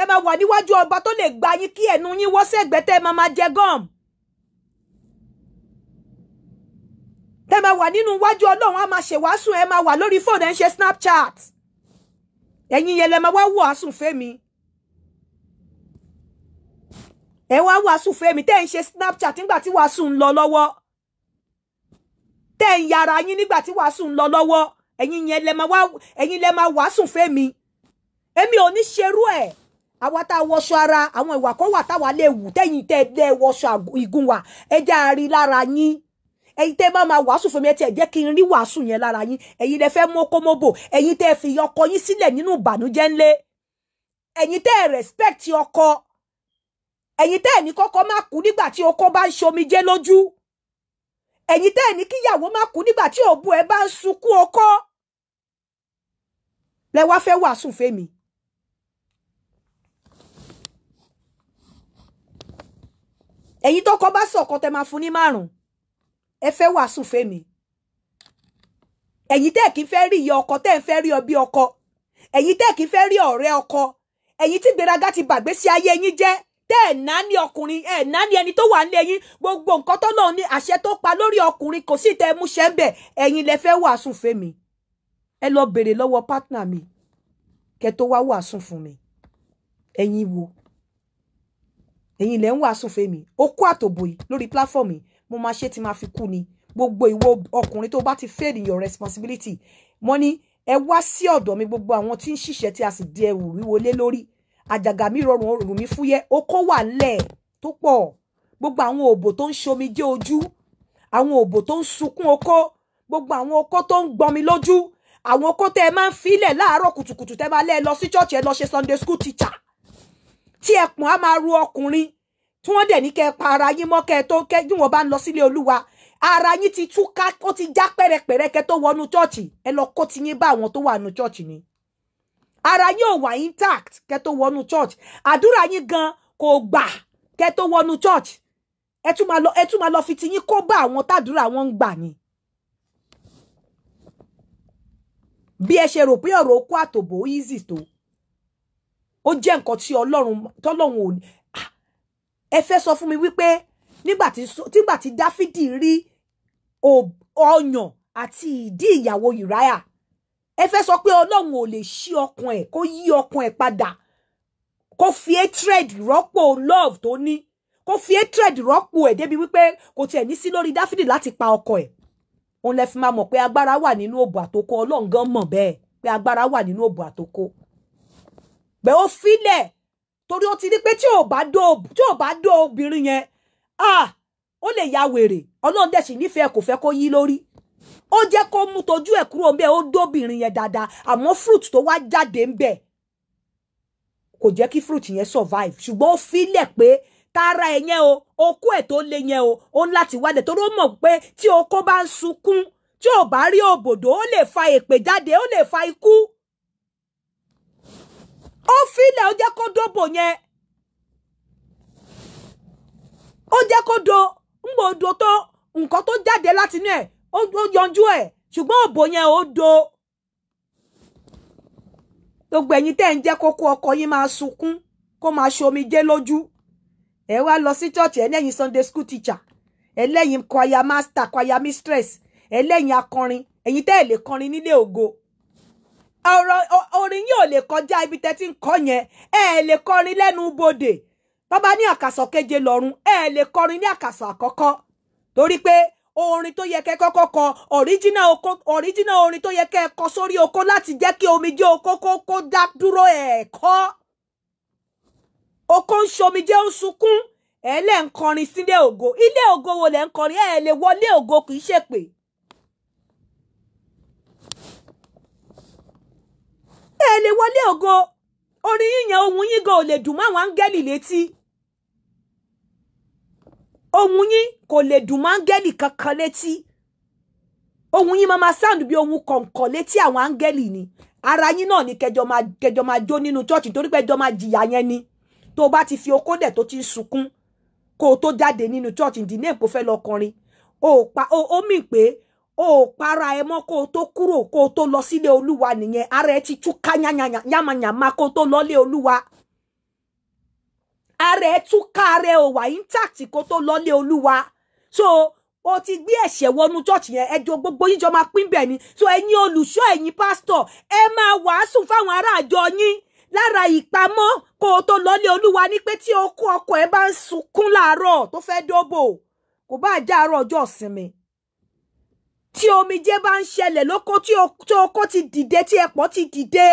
ẹ máa wà níwájú ọba tó lè gba yín kí ẹnu yín wọ́ sẹ́gbẹ́ tẹ́ ẹ máa máa jẹ gọ́ọ̀mù. ẹ máa wà nínú iwájú ọlọ́run á máa ṣèwàásù ẹ máa wà lórí fóònù ẹ ń ṣe snapchat ẹ̀yin yẹn lẹ máa wá wàásù fẹ́mi ẹ wá wàásù fẹ́mi tẹ́ ń ṣe snapchat nígbà tí wàásù ń lọ lọ́wọ́ tẹ́ ń yára yín nígbà tí wàásù ń lọ lọ́wọ́ ẹ̀yin yẹn lẹ máa wá ẹ̀yin lẹ máa wàásù fẹ́mi èmi ò ní ṣerú ẹ̀ àwa tá a wọṣọ ara àwọn ìwà kan wà táwa lè wù tẹ́yìn tẹ́ ẹ wọṣọ ìgúnwà ẹ já rí lára yín ẹ̀yin tẹ́ bá máa wàásù fún mi ẹ tiẹ̀ jẹ́ kí n rí wàásù yẹn lára yín ẹ̀yin lẹ fẹ́ mọ́kó mọ́bò ẹ̀yin tẹ́ fi ọkọ yín sílẹ̀ nínú ìbànújẹ́ ńlé ẹ̀yin tẹ́ respect ọkọ ẹ̀yin tẹ́ ní kọ́kọ́ má kú nígbà tí ọkọ bá ń ṣomijé lójú ẹ̀yin tẹ́ ní kíyàwó má kú nígbà tí òbu ẹ bá ń sunkún ọkọ lẹ wá fẹ́ wàásù fẹ́mi. ẹ̀yin tọkọ bá sọ̀kọ tẹ máa fún ní márùn ẹ fẹ́ wàásù fẹ́mi ẹ̀yin tẹ́ kí fẹ́ rí iye ọkọ tẹ́ ń fẹ́ rí ọbí ọkọ ẹ̀yin tẹ́ kí fẹ́ rí ọ̀rẹ́ ọkọ ẹ̀yin tí gbéraga ti bàgbé sí ayé yín jẹ́ tẹ́ ẹ̀ ná ní ọkùnrin ẹ̀ ná ní ẹni tó wà nílé yín gbogbo nǹkan tó náà ní àṣẹ tó pa lórí ọkùnrin kò sí tẹ́ ẹ mú ṣẹ́ ń bẹ̀ ẹ̀yin lẹ fẹ́ wàásù fẹ́mi ẹ lọ bèrè lọ́wọ́ pátánà mi kẹ tó wá wàásù fún mi ẹ̀yin wo ẹ̀yin lẹ ń wàásù fẹ́mi ó kó àtòbò lórí pláfọ́ọ̀mù yìí mo máa ṣe tí máa fi kú ni gbogbo ìwọ ọkùnrin tó bá ti fail in your responsibility wọ́n ní ẹ wá sí ọ̀dọ̀ mi gbogbo àwọn tí ń ṣiṣẹ́ tí a sì di ẹrù wíwo lórí àjàgà mi rọrùn òrùn mi fúyẹ́ okó wà ńlẹ̀ tó pọ̀ gbogbo àwọn òbò tó ń ṣomijé ojú àwọn òbò tó ń sunkún okó gbogbo àwọn okó tó ń gbọnmi lójú àwọn okó tẹ ẹ máa ń filẹ̀ láàárọ̀ kùtùkùtù tẹ bá lẹ lọ sí chọọchì ẹ lọ ṣe Sunday school teacher tí ẹpọn á máa ru ọkùnrin tí wọ́n dẹ̀ ní kẹ́ pa ara yín mọ́ kẹ́ tó kẹ́ bí wọ́n bá ń lọ sílé olúwa ara yín ti túká ó ti já pẹ́rẹpẹ̀rẹ kẹ́ tó wọnú chọ́ọ̀chì ẹ lọ kó ti yín bá àwọn tó wà nù chọ́ọ̀chì ni ara yín ò wà intact kẹ́ tó wọnú chọ́ọ̀chì àdúrà yín gan kò gbà kẹ́ tó wọnú chọ́ọ̀chì ẹ tún máa lọ ẹ tún máa lọ fi ti yín kó bá àwọn tàdúrà wọn ń gbà ni. bí ẹ ṣe rò pé ọ̀rọ̀ okú àtòbò easy tó ó jẹ́ nǹkan tí ọlọ́run tọ́lọ́run ò ẹ fẹ́ sọ fún mi wípé nígbà tí dáfídì rí ọyàn àti ìdí ìyàwó ìráyà ẹ fẹ́ sọ pé ọlọ́run ò lè ṣí ọkàn ẹ̀ kó yí ọkàn ẹ̀ padà kó fi hatred rọ́pò love tó ní kó fi hatred rọ́pò ẹ̀ débi wípé kò tiẹ̀ ní sí lórí dáfídì láti pa ọkọ ẹ̀ òun lẹ fi máa mọ̀ pé agbára wà nínú òbò àtòkò ọlọ́run gan mọ̀ bẹ́ẹ̀ pé agbára wà nínú òbò àtòkò pé ó filẹ̀ torí ó ti rí pé tí ò bá dó obìnrin yẹn ah ó lè ya wèrè ọlọ́run dẹ̀ sì nífẹ̀ẹ́ kò fẹ́ kó yí lórí ó jẹ́ kó mú tojú ẹ̀ kúrò ń bẹ̀ ó dóbìnrin yẹn dáadáa àmọ́ fruit tó wá jáde ń bẹ̀ kò jẹ́ kí fruit yẹn survive ṣùgbọ́n ó filẹ̀ pé tara ẹ̀ yẹn o okó ẹ̀ tó le yẹn o ó ń láti wádẹ̀ torí ó mọ̀ pé tí okó bá ń sunkún tí ò bá rí òbòdó ó lè fa èpè jáde ó lè fa ikú ofile ojekodo bụ onye ojekodo ngbà odò tó to jade lati láti inú ẹ̀ ó yanjú ẹ̀ ṣùgbọ́n òbò yẹn ó do gbogbo ẹ̀yin tẹ́ ń jẹ́ kókó ọkọ yín máa sunkún kó máa ṣomijé lójú ẹ wá lọ sí church ẹlẹ́yin sunday school teacher ẹlẹ́yin choir master choir mistress ẹlẹ́yin akọrin ẹ̀yin tẹ́ ẹ̀ lè kọrin nílé ògo ọ̀rọ̀ orin yóò lè kọjá ibi tẹ́ ti ń kọ yẹn ẹ lè kọrin lẹ́nu bodè bàbá ní àkàsọ̀ keje lọ́rùn ẹ lè kọrin ní àkàsọ̀ àkọ́kọ́ torí pé orin tó yẹ kẹ́ kọ́kọ́ kọ ọ̀ríjínà oko ọ̀ríjínà orin tó yẹ kẹ́ kọ sórí oko láti jẹ́ kí omijé oko kó kó dá dúró ẹ̀ kọ́ oko ń ṣomijé ń sunkún ẹ̀ lẹ́ ń kọrin sílé ògo ilé ògo wo lẹ́ ń kọrin ẹ̀ lè wọlé ògo kì í ṣèpè. ẹ lè wọlé ògo orin yíyan ohun yín gan ò lè dùn mọ́ àwọn áńgẹ́lì létí ohun yín kò lè dùn mọ́ áńgẹ́lì kankan létí ohun yín máa ma sound bí ohun kọ̀ǹkọ̀ létí àwọn áńgẹ́lì ni ara yín náà ni kẹjọ máa kẹjọ máa jó nínú chọ́ọ̀chì torí pé ẹjọ́ máa jìyà yẹn ni tó bá ti fi okó dẹ̀ tó ti ń sunkún kó o tó jáde nínú chọ́ọ̀chì ìdílé èpò fẹ́ lọ o pa o, o mì pé o para ẹ mọ́ kó o tó kúrò kó o tó lọ sílé olúwa nìyẹn ara ẹ ti túká yàmàyàmà kó o tó lọlé olúwa ara ẹ túká ara ò wà intact kó o tó lọlé olúwa so o ti gbé ẹ̀ṣẹ̀ wọnú church yẹn ẹjọ́ gbogbo yíjọ máa pín bẹ́ẹ̀ ni so ẹ̀yin olùṣọ́ ẹ̀yin pásítọ̀ ẹ máa wàásù fáwọn ará àjọ yín lára ìpamọ́ kó o tó lọlé olúwa ní pé tí o kó ọkọ̀ ẹ bá ń sunkún láàárọ̀ tó fẹ́ dóbò kò bá àjà àárọ̀ ọjọ́ ìsinmi tí omijé bá ń ṣẹlẹ̀ lóko tí oko ti dìde tí ẹ̀pọ̀ ti dìde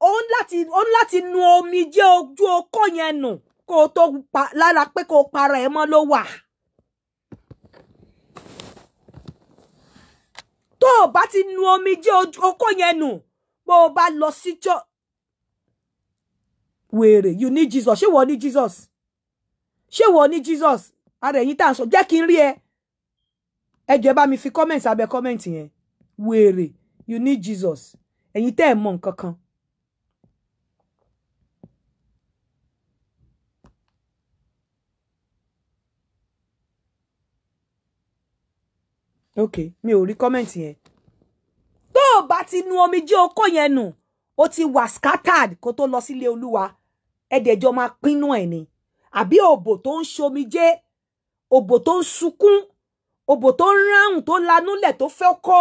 ó ń láti ó ń láti nu omijé ojú oko yẹn nù kó o tó pa lára pé kó o para ẹ̀ mọ́ ló wà. tó o bá ti nu omijé oko yẹn nù bó o bá lọ sí jọ wèrè you need Jesus ṣé wọ́n ní Jesus ṣé wọ́n ní Jesus ara ẹ̀yin tá à ń sọ jẹ́ kí n rí ẹ ẹ jọ̀ọ́ ẹ mi fi comment abẹ́ comment yẹn wèrè you need Jesus ẹ̀yin tẹ́ ẹ̀ mọ̀ nǹkan kan. ok mi ò rí comment yẹn tó o bá ti nu omijé okó yẹn nù ó ti wà scattered kó tó lọ sílé olúwa ẹ̀dẹ̀jọ́ máa pinnu ẹ̀ ni Abi òbò tó ń ṣomijé òbò tó ń sunkún òbò tó ń ráhùn tó lanúlẹ̀ tó fẹ́ kó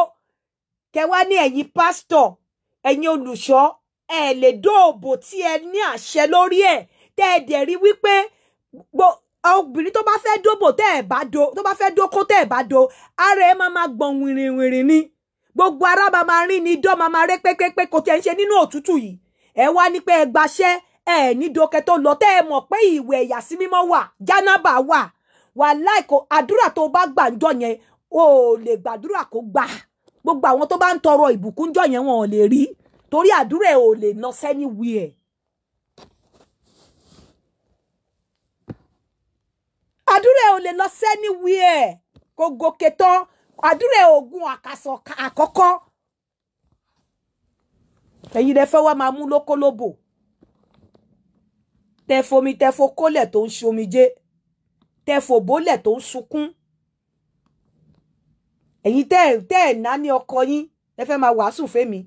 kẹwàá ní ẹ̀yin pásítọ̀ ẹ̀yin olùṣọ́ ẹ̀ lè dóòbò tí ẹ ní àṣẹ lórí ẹ̀ tẹ́ ẹ dẹ̀ rí wípé obìnrin tó bá fẹ́ dóbò tẹ́ ẹ̀ bá do tó bá fẹ́ dókó tẹ́ ẹ̀ bá do ara ẹ̀ máa ma gbọ̀n wìrìwìrì ni gbogbo ara máa máa rìn ní idán máa máa rẹ́ pépépé kò tiẹ̀ ń ṣe nínú òtútù yìí ẹ wá ní pé ẹ gbaṣẹ́ ẹ ní dokẹ́ tó lọ tẹ́ ẹ mọ̀ pé ìwẹ̀ ìyàsí mímọ́ wà jánábà wà wàláì kò àdúrà tó bá gbà ń jọ yẹn o ò lè gbàdúrà kó gbà gbogbo àwọn tó bá ń tọrọ ìbùkún jọ yẹn wọn ò lè rí torí àdúrà ẹ ò lè nọ sẹ́ni wí ẹ̀. àdúrà ẹ ò lè lọ sẹ́ni wí ẹ̀ kò gòkè tán àdúrà ẹ ògùn àkàsọ̀ àkọ́kọ́ ẹ̀yin lẹ fẹ́ wá máa mú lókólóbò tẹ fomi tẹ tó ń ṣomijé tẹ fòbólẹ̀ tó ń sunkún ẹ̀yin tẹ́ ẹ̀ tẹ́ ẹ̀ ná ní ọkọ yín ẹ fẹ́ máa wàásù fẹ́mi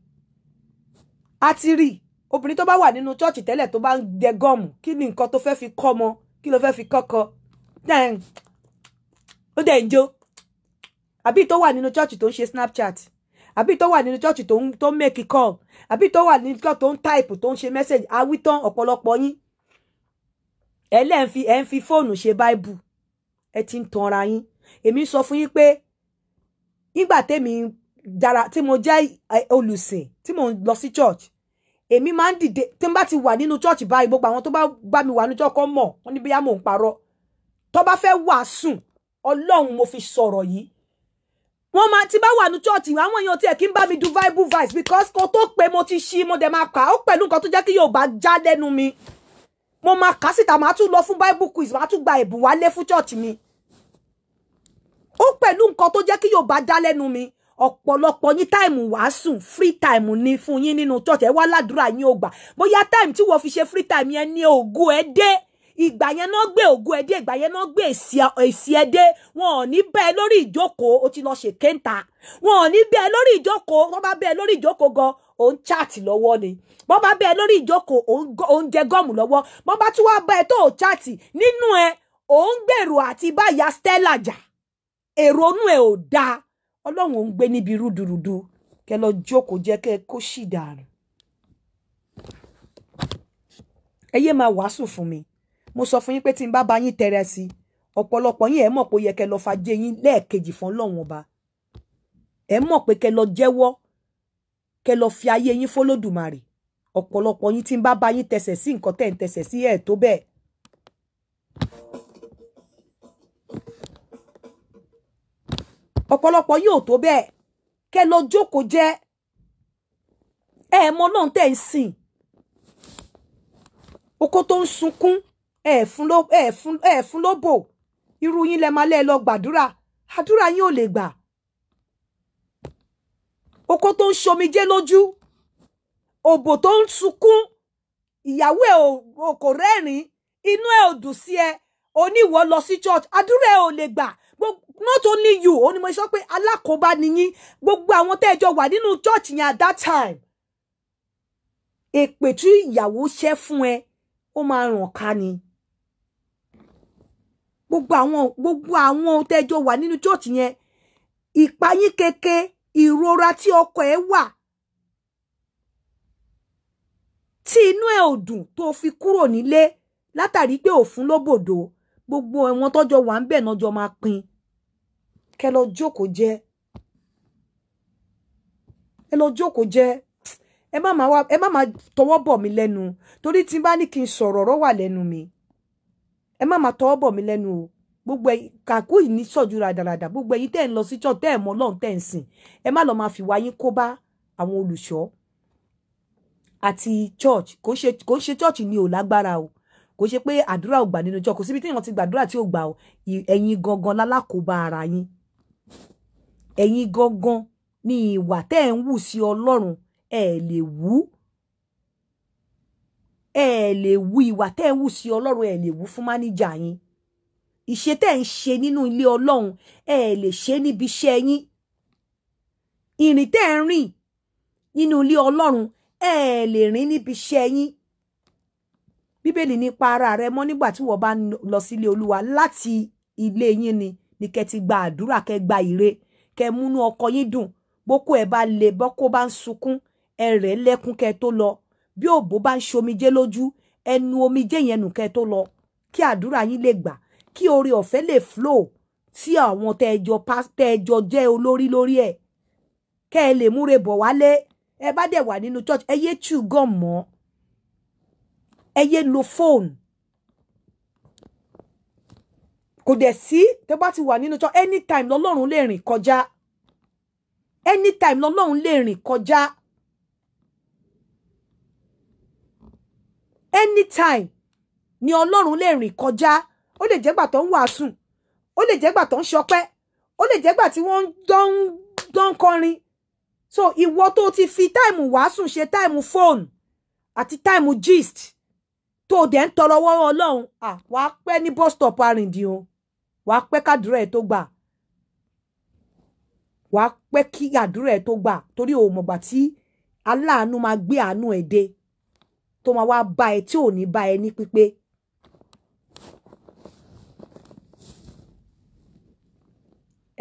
a ti rí obìnrin tó bá wà nínú chọ́ọ̀chì tẹ́lẹ̀ tó bá ń dẹ gọ́ọ̀mù kí ni nǹkan tó fẹ́ fi kọ́ ọmọ kí ló fẹ́ fi kọ́kọ́ ó dẹ̀ ń jó àbí tó wà nínú chọ́ọ̀chì tó ń ṣe snapchat àbí tó wà nínú chọ́ọ̀chì tó ń make call àbí tó wà nínú chọ́ọ̀chì tó ń type tó ń ṣe message awítán ọ̀pọ̀lọpọ̀ yín ẹ lẹ́ ń fi ẹ ń fi fóònù ṣe bible ẹ ti ń tanra yín èmi sọ fún yín pé nígbà tèmi dára tí mo jẹ́ olùsìn tí mo ń lọ sí church èmi máa ń dìde tí n bá ti wà nínú church báyìí gbogbo àwọn tó bá bá mi wà nínú church kan mọ̀ wọ́n ní bóyá mò ń parọ́ tó bá fẹ́ wàásùn ọlọ́run mo fi sọ̀rọ̀ yìí wọ́n máa ti bá wà ní church àwọn èèyàn tiẹ̀ kí n bá mi du bible verse because kó tó pé mo ti ṣí mo dẹ̀ máa kà ó pẹ̀lú nǹkan tó jẹ́ kí Yorùbá já lẹ́nu mi mo máa kà síta màá tún lọ fún bible quiz màá tún gba ẹ̀bùn wálé fún church mi ó pẹ̀lú nǹkan tó jẹ́ kí Yorùbá dá lẹ́nu mi ọ̀pọ̀lọpọ̀ yín táìmù wàásù free time ni fún yín nínú church ẹ wá ládùúrà yín ò gbà bóyá táìmù tí wọ́n fi ṣe free time yẹn ní ògùn ẹ dé ìgbà yẹn náà gbé ògùn ẹ dé ìgbà yẹn náà gbé èsì ẹ dé wọn ò ní bẹ́ẹ̀ lórí ìjókòó o ti lọ ṣe kéńtà wọn ò ní bẹ́ẹ̀ lórí ìjókòó wọn bá bẹ́ẹ̀ lórí ìjókòó gan ò ń chaàtì lọ́wọ́ ni bọ́n bá bẹ́ẹ̀ lórí ìjókòó ò ń jẹ gọ́ọ̀mù lọ́wọ́ bọ́n bá tún wá bá ẹ tó ò chaàtì nínú ẹ ò ń gbèrò àti báyà Stella jà èrònú ẹ̀ ò dáa ọlọ́run ò ń gbé níbi rúdurùdu kẹ lọ jókòó jẹ́ kẹ kó sì dànù. ẹ yé máa wàásù fún mi mo sọ fún yín pé tí n bá ba yín tẹrẹ sí i ọ̀pọ̀lọpọ̀ yín ẹ̀ mọ̀ pé ó yẹ kẹ lọ fàájé yín lẹ́ẹ̀kejì fún ọlọ́run ọba ẹ̀ mọ̀ pé kẹ lọ jẹ́wọ́ kẹ lọ fi ayé yín fọlọ́dùmarè ọ̀pọ̀lọpọ̀ yín tí n bá ba yín tẹsẹ̀ sí nǹkan tẹ̀ ń tẹsẹ̀ sí ẹ̀ tó bẹ́ẹ̀ ọ̀pọ̀lọpọ̀ yóò tó bẹ́ẹ̀ kẹ́ lọ jókòó jẹ́ ẹ mọ náà tẹ̀ ń sìn oko tó ń sunkún ẹ fún ló ẹ fún ẹ fún ló bò irú yín lẹ máa lẹ lọ gbàdúrà àdúrà yín ò lè gbà oko tó ń ṣomijé lójú òbò tó ń sunkún ìyàwó ẹ ò kò rẹ́rìn-ín inú ẹ ò dùn sí ẹ oníwọ lọ sí church àdúrà ẹ ò lè gbà not only you only ní mo sọ pé alákòóbá ni yín gbogbo àwọn tẹ́ ẹ jọ wà church yẹn at that time èpè tí ìyàwó ṣẹ́ fún ẹ ó máa ràn ká ni gbogbo àwọn gbogbo àwọn tẹ́ ẹ jọ wà nínú church yẹn ìpayín keke ìrora tí ọkọ ẹ wa. tí inú ẹ ò dùn tó fi kúrò nílé látàrí pé òfun lóbòdò gbogbo ẹwọn tọjọ wà ń bẹ náà jọ máa kẹ́ lọ jókòó jẹ ẹ lọ jókòó jẹ ẹ má máa wá ẹ má máa tọwọ́ bọ̀ mí lẹ́nu torí tí n bá ní kí n sọ̀rọ̀ ọ̀rọ̀ wà lẹ́nu mi ẹ má máa tọwọ́ bọ̀ mí lẹ́nu o gbogbo ẹ̀yin kàkú yìí ní sọ̀jú ràdàràdà gbogbo ẹ̀yin tẹ́ ń lọ sí church tẹ́ ẹ̀ mọ́ Ọlọ́run tẹ́ ń sìn ẹ má lọ máa fi wáyé kó bá àwọn olùṣọ́ àti church kò ṣe kò ṣe church ni ò lágbára o kò ṣe pé àdúrà ò gbà nínú church kò síbi tí èèyàn ti gbàdúrà tí ò gbà o ẹ̀yin gangan lálákòóbá ara yín ẹ̀yin gangan ni ìwà tẹ́ ẹ̀ ń wù sí ọlọ́run ẹ̀ lè wù ẹ̀ lè wù ìwà tẹ́ ẹ̀ ń wù sí ọlọ́run ẹ̀ lè wù fún máníjà yín ìṣe tẹ́ ẹ̀ ń ṣe nínú ilé ọlọ́run ẹ̀ lè ṣe níbi iṣẹ́ yín ìrìn tẹ́ ẹ̀ ń rìn nínú ilé ọlọ́run ẹ̀ lè rìn níbi iṣẹ́ yín bíbélì nípa ara rẹ mọ́ nígbà tí wọ́n bá lọ sílé olúwa láti ilé yín ni ni kẹ́ ti gba àdúrà kẹ́ gba ire kẹ́ múnú ọkọ yín dùn bókó ẹ bá le bókó bá ń sunkún ẹ rẹ̀ lẹ́kún kẹ́ tó lọ bí òbó bá ń ṣomijé lójú ẹnu omijé yẹn nù kẹ́ tó lọ kí àdúrà yín lè gbà kí oore ọ̀fẹ́ lè flow tí àwọn tẹ́ẹ̀jọ tẹ́ẹ̀jọ jẹ́ olórí lórí ẹ̀ kẹ́ ẹ lè múre bọ̀ wálé ẹ bá dẹ̀ wà nínú church ẹ yé chew gum mọ́ ẹ yé lo phone kò dẹ̀ sí tẹ́ bá ti wà nínú church anytime lọ́lọ́run lè rìn kọjá anytime lọ́lọ́run lè rìn kọjá anytime ni ọlọ́run lè rìn kọjá ó lè jẹ́gbà tó ń wàásù ó lè jẹ́gbà tó ń ṣọpẹ́ ó lè jẹ́gbà tí wọ́n ń dán kọrin so ìwọ tó ti fi táìmù wàásù ṣe táìmù fóònù àti táìmù gist tó dẹ̀ ń tọrọ wọ́rọ́ ọlọ́run àwa pẹ́ ní bus stop arìndí o wàá pẹ́ kádùúrà ẹ̀ tó gbà wàá pẹ́ kí àdúrà ẹ̀ tó gbà torí o mọ̀gbà tí aláàánú máa gbé àánú ẹ̀ dé tó máa wá bá ẹ tí ò ní bá ẹ ní pípé.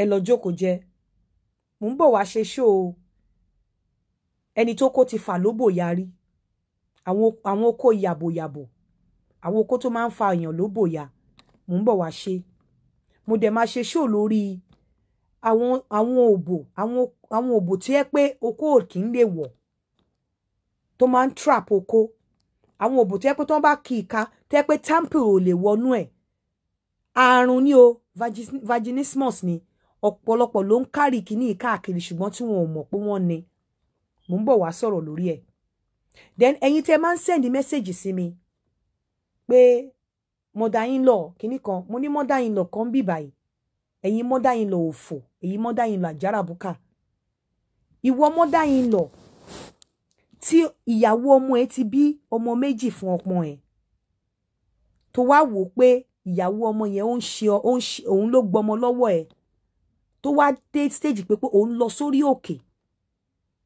ẹ lọ jókòó jẹ mò ń bọ̀ wá ṣe ṣó o ẹni tó kó ti fà lóbò yarí àwọn okó yàbòyàbò àwọn okó tó máa ń fa èèyàn lóbò ya mò ń bọ̀ wá ṣe mo dẹ̀ máa ṣe ṣó lórí àwọn àwọn òbò àwọn àwọn òbò tó yẹ pé oko kì í lè wọ̀ tó máa ń trap oko àwọn òbò tó yẹ pé tó ń bá kì í ka tó yẹ pé tamper ò lè wọnú ẹ̀ àrùn ni o vaginismus ni ọ̀pọ̀lọpọ̀ ló ń kárì kíní káàkiri ṣùgbọ́n tí wọn ò mọ̀ pé wọ́n ni mò ń bọ̀ wá sọ̀rọ̀ lórí ẹ̀ then ẹ̀yin tẹ́ máa ń send message sí mi pé mother in law kinní kan mo ní mother in law kan bí báyìí ẹ̀yin mother in law òfò ẹ̀yin mother in law àjàràbùkà ìwọ mother in law tí ìyàwó ọmọ ẹ ti bí ọmọ méjì fún ọpọn ẹ tó wá wò pé ìyàwó ọmọ yẹn òun ṣe òun ló gbọmọ lọ́wọ́ ẹ tó wá dé stage pé pé òun lọ sórí òkè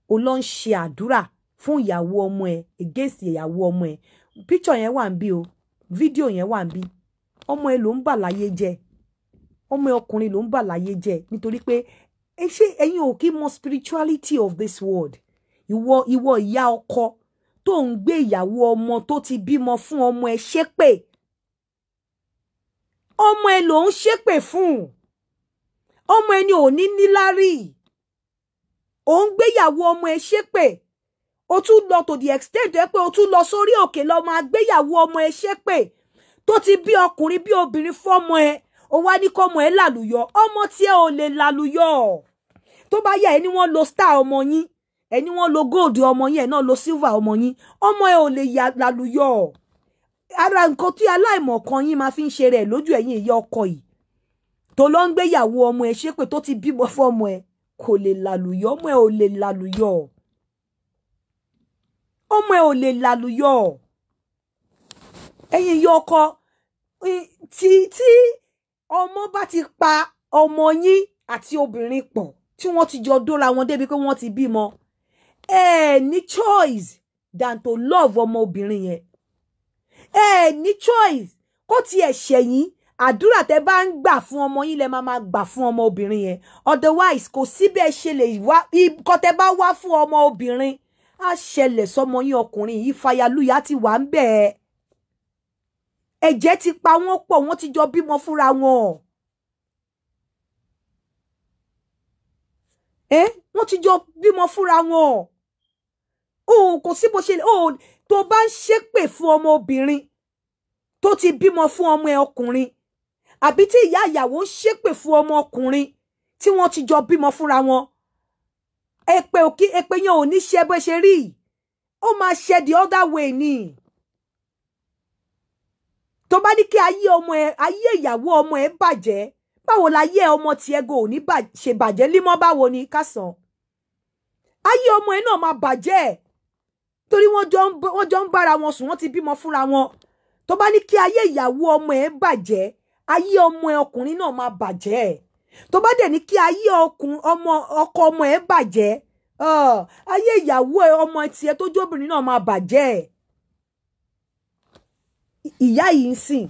ó lọ ń ṣe àdúrà fún ìyàwó ọmọ ẹ against ìyàwó ọmọ ẹ picture yẹn wà ń bí o fídíò yẹn wà níbí ọmọ ẹ ló ń bà láyé jẹ ọmọ ẹ ọkùnrin ló ń bà láyé jẹ nítorí pé ẹ ṣe ẹ̀yin ò kí mọ spirituality of this world ìwọ ìwọ ìyá ọkọ tó ń gbé ìyàwó ọmọ tó ti bímọ fún ọmọ ẹ ṣépè ọmọ ẹ ló ń ṣépè fún ọmọ ẹ ni ò ní níláárí ò ń gbéyàwó ọmọ ẹ ṣépè o tún lọ to the extent ẹ pé o tún lọ sórí òkè lọ máa gbéyàwó ọmọ ẹ ṣépè tó ti bí ọkùnrin bí obìnrin fọmọ ẹ o wá ní kọmọ ẹ làlùyọ ọmọ tí ẹ ò lè làlùyọ tó bá yà ẹ ní lo star ọmọ yín ẹ ní lo gold ọmọ yín ẹ náà lo silver ọmọ yín ọmọ ẹ ò lè làlùyọ ara nǹkan tí aláìmọ̀kan yín máa fi ń ṣe rẹ̀ lójú ẹ̀yin ìyá ọkọ yìí tó lọ ń gbéyàwó ọmọ ẹ ṣépè tó ti bímọ fọmọ ẹ kò lè làlùyọ ọmọ ẹ ò lè làlùyọ ọmọ ẹ ò lè lálùyọ ẹ̀yin yọ ọkọ tí tí ọmọ bá ti pa ọmọ yín àti obìnrin pọ̀ tí wọ́n ti jọ dóra wọn débi pé wọ́n ti bímọ ẹ ní choice than to love ọmọbìnrin yẹn ẹ ní choice kó tiẹ̀ ṣẹ̀yìn àdúrà tẹ bá ń gbà fún ọmọ yín lẹ máa máa gbà fún ọmọ yẹn otherwise kò síbẹ̀ ṣe lè wá kọ́ tẹ bá wá fún ọmọ á ṣẹlẹ̀ sọmọ yín ọkùnrin yìí fayaluya ti wà ń bẹ̀ ẹ́ ẹ̀jẹ̀ ti pa wọ́n pọ̀ wọ́n ti jọ bímọ fúnra wọn. ẹ wọ́n ti jọ bímọ fúnra wọn o kò sí bó ṣe o tó bá ń ṣépè fún ọmọ obìnrin tó ti bímọ fún ọmọ ẹ ọkùnrin àbí tí ìyá ìyàwó ń ṣépè fún ọmọ ọkùnrin tí wọ́n ti jọ bímọ fúnra wọn èpè òkí èpè yẹn ò ní ṣe bó ṣe rí ó máa ṣe the other way ni tó bá ní kí ayé ọmọ ẹ ayé ìyàwó ọmọ ẹ bàjẹ́ báwo la ayé ọmọ tiẹ̀ go ò ní ṣe bàjẹ́ límọ́ báwo ni kásán ayé ọmọ ẹ náà máa bàjẹ́ torí wọ́n jọ ń bára wọn sùn wọ́n ti bímọ fúnra wọn tó bá ní kí ayé ìyàwó ọmọ ẹ bàjẹ́ ayé ọmọ ẹ ọkùnrin náà máa bàjẹ́ ẹ̀ tó bá dẹ̀ ní kí ayé ọkùn ọmọ ọkọ ọmọ ẹ bàjẹ́ ayé ìyàwó ọmọ tiẹ̀ tó jóbìnrin náà máa bàjẹ́ ìyá yìí ń sìn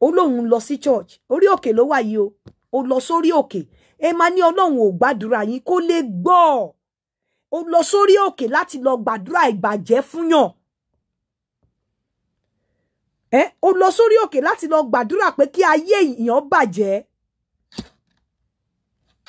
ó lóun lọ sí church orí òkè ló wà yìí o ó lọ sórí òkè ẹ máa ní ọlọ́run ò gbàdúrà yín kó lè gbọ́ ó lọ sórí òkè láti lọ gbàdúrà ìbàjẹ́ fúnyàn ẹ ó lọ sórí òkè láti lọ gbàdúrà pé kí ayé èèyàn bàjẹ́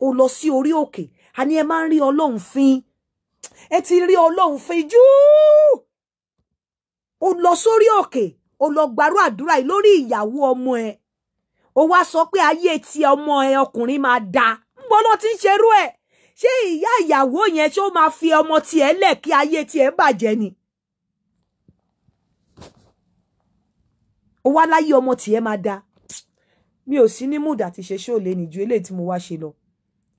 ó lọ sí orí òkè a ní ẹ máa ń rí ọlọ́run fín ẹ ti rí ọlọ́run fín jù ó lọ sórí òkè ó lọ gbàrú àdúrà yìí lórí ìyàwó ọmọ ẹ ó wá sọ pé ayé ti ọmọ ẹ ọkùnrin máa da ń bọ́ ló ti ń ṣerú ẹ̀ ṣé ìyá ìyàwó yẹn ṣó máa fi ọmọ tiẹ̀ lẹ̀ kí ayé tiẹ̀ bàjẹ́ ni. ó wá láyé ọmọ tiẹ̀ máa da mi ò sí ní múdà ti ṣe ṣó lè nìjú eléyìí tí mo wá ṣe lọ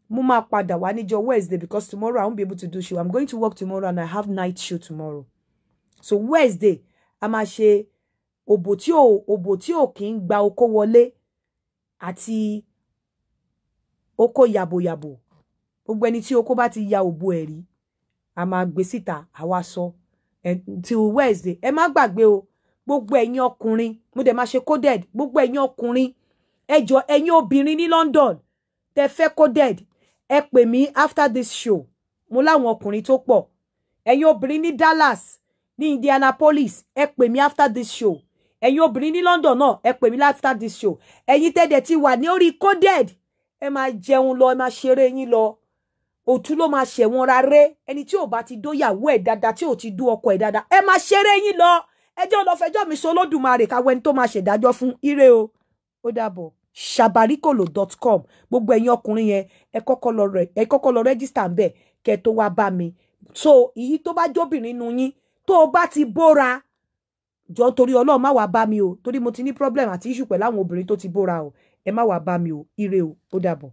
mo máa padà wá níjọ́ Wednesday because tomorrow I won't be able to do show I'm going to work tomorrow and I have night show tomorrow so Wednesday a máa ṣe òbò tí ò òbò tí ò kì í gba oko wọlé àti oko yàbòyàbò gbogbo ẹni tí oko bá ti ya òbò ẹ̀ rí a máa gbé síta àwa sọ till Wednesday ẹ má gbàgbé o gbogbo ẹ̀yin ọkùnrin mo dẹ̀ máa ṣe coded gbogbo ẹ̀yin ọkùnrin ẹ jọ̀ọ́ ẹ̀yin obìnrin ní London tẹ́ fẹ́ coded ẹ pè mí after this show mo láwọn ọkùnrin tó pọ̀ ẹ̀yin obìnrin ní Dallas ní Indianapolis ẹ pè mí after this show ẹ̀yin obìnrin ní London náà ẹ pè mí after this show ẹ̀yin tẹ́dẹ̀ ti wà ní orí coded ẹ máa jẹun lọ ẹ máa ṣeré yín lọ òtún ló máa ṣẹ̀wọ̀n rárẹ́ ẹni tí ò bá ti dóyàwó ẹ̀ dáadáa tí ò ti dó ọkọ ẹ̀ dáadáa ẹ máa ṣeré yín lọ ẹjọ́ lọ fẹjọ́ mi sọ Olódùmarè káwọ́ ẹni tó máa ṣèdájọ́ fún ire o ó dàbọ̀ sabarikolo dot com gbogbo ẹ̀yin ọkùnrin yẹn ẹ kọ́kọ́ lọ rẹ́gísítà ń bẹ̀ kẹ́ tó wá bá mi so èyí tó bá jóbìnrin nu yín tó o bá ti bóra jọ torí ọlọ́run má wàá bá mi o torí mo ti ní problem àti issue pẹ̀lú àwọn obìnrin tó ti bóra o ẹ má wàá bá mi o ire o ó dàbọ̀.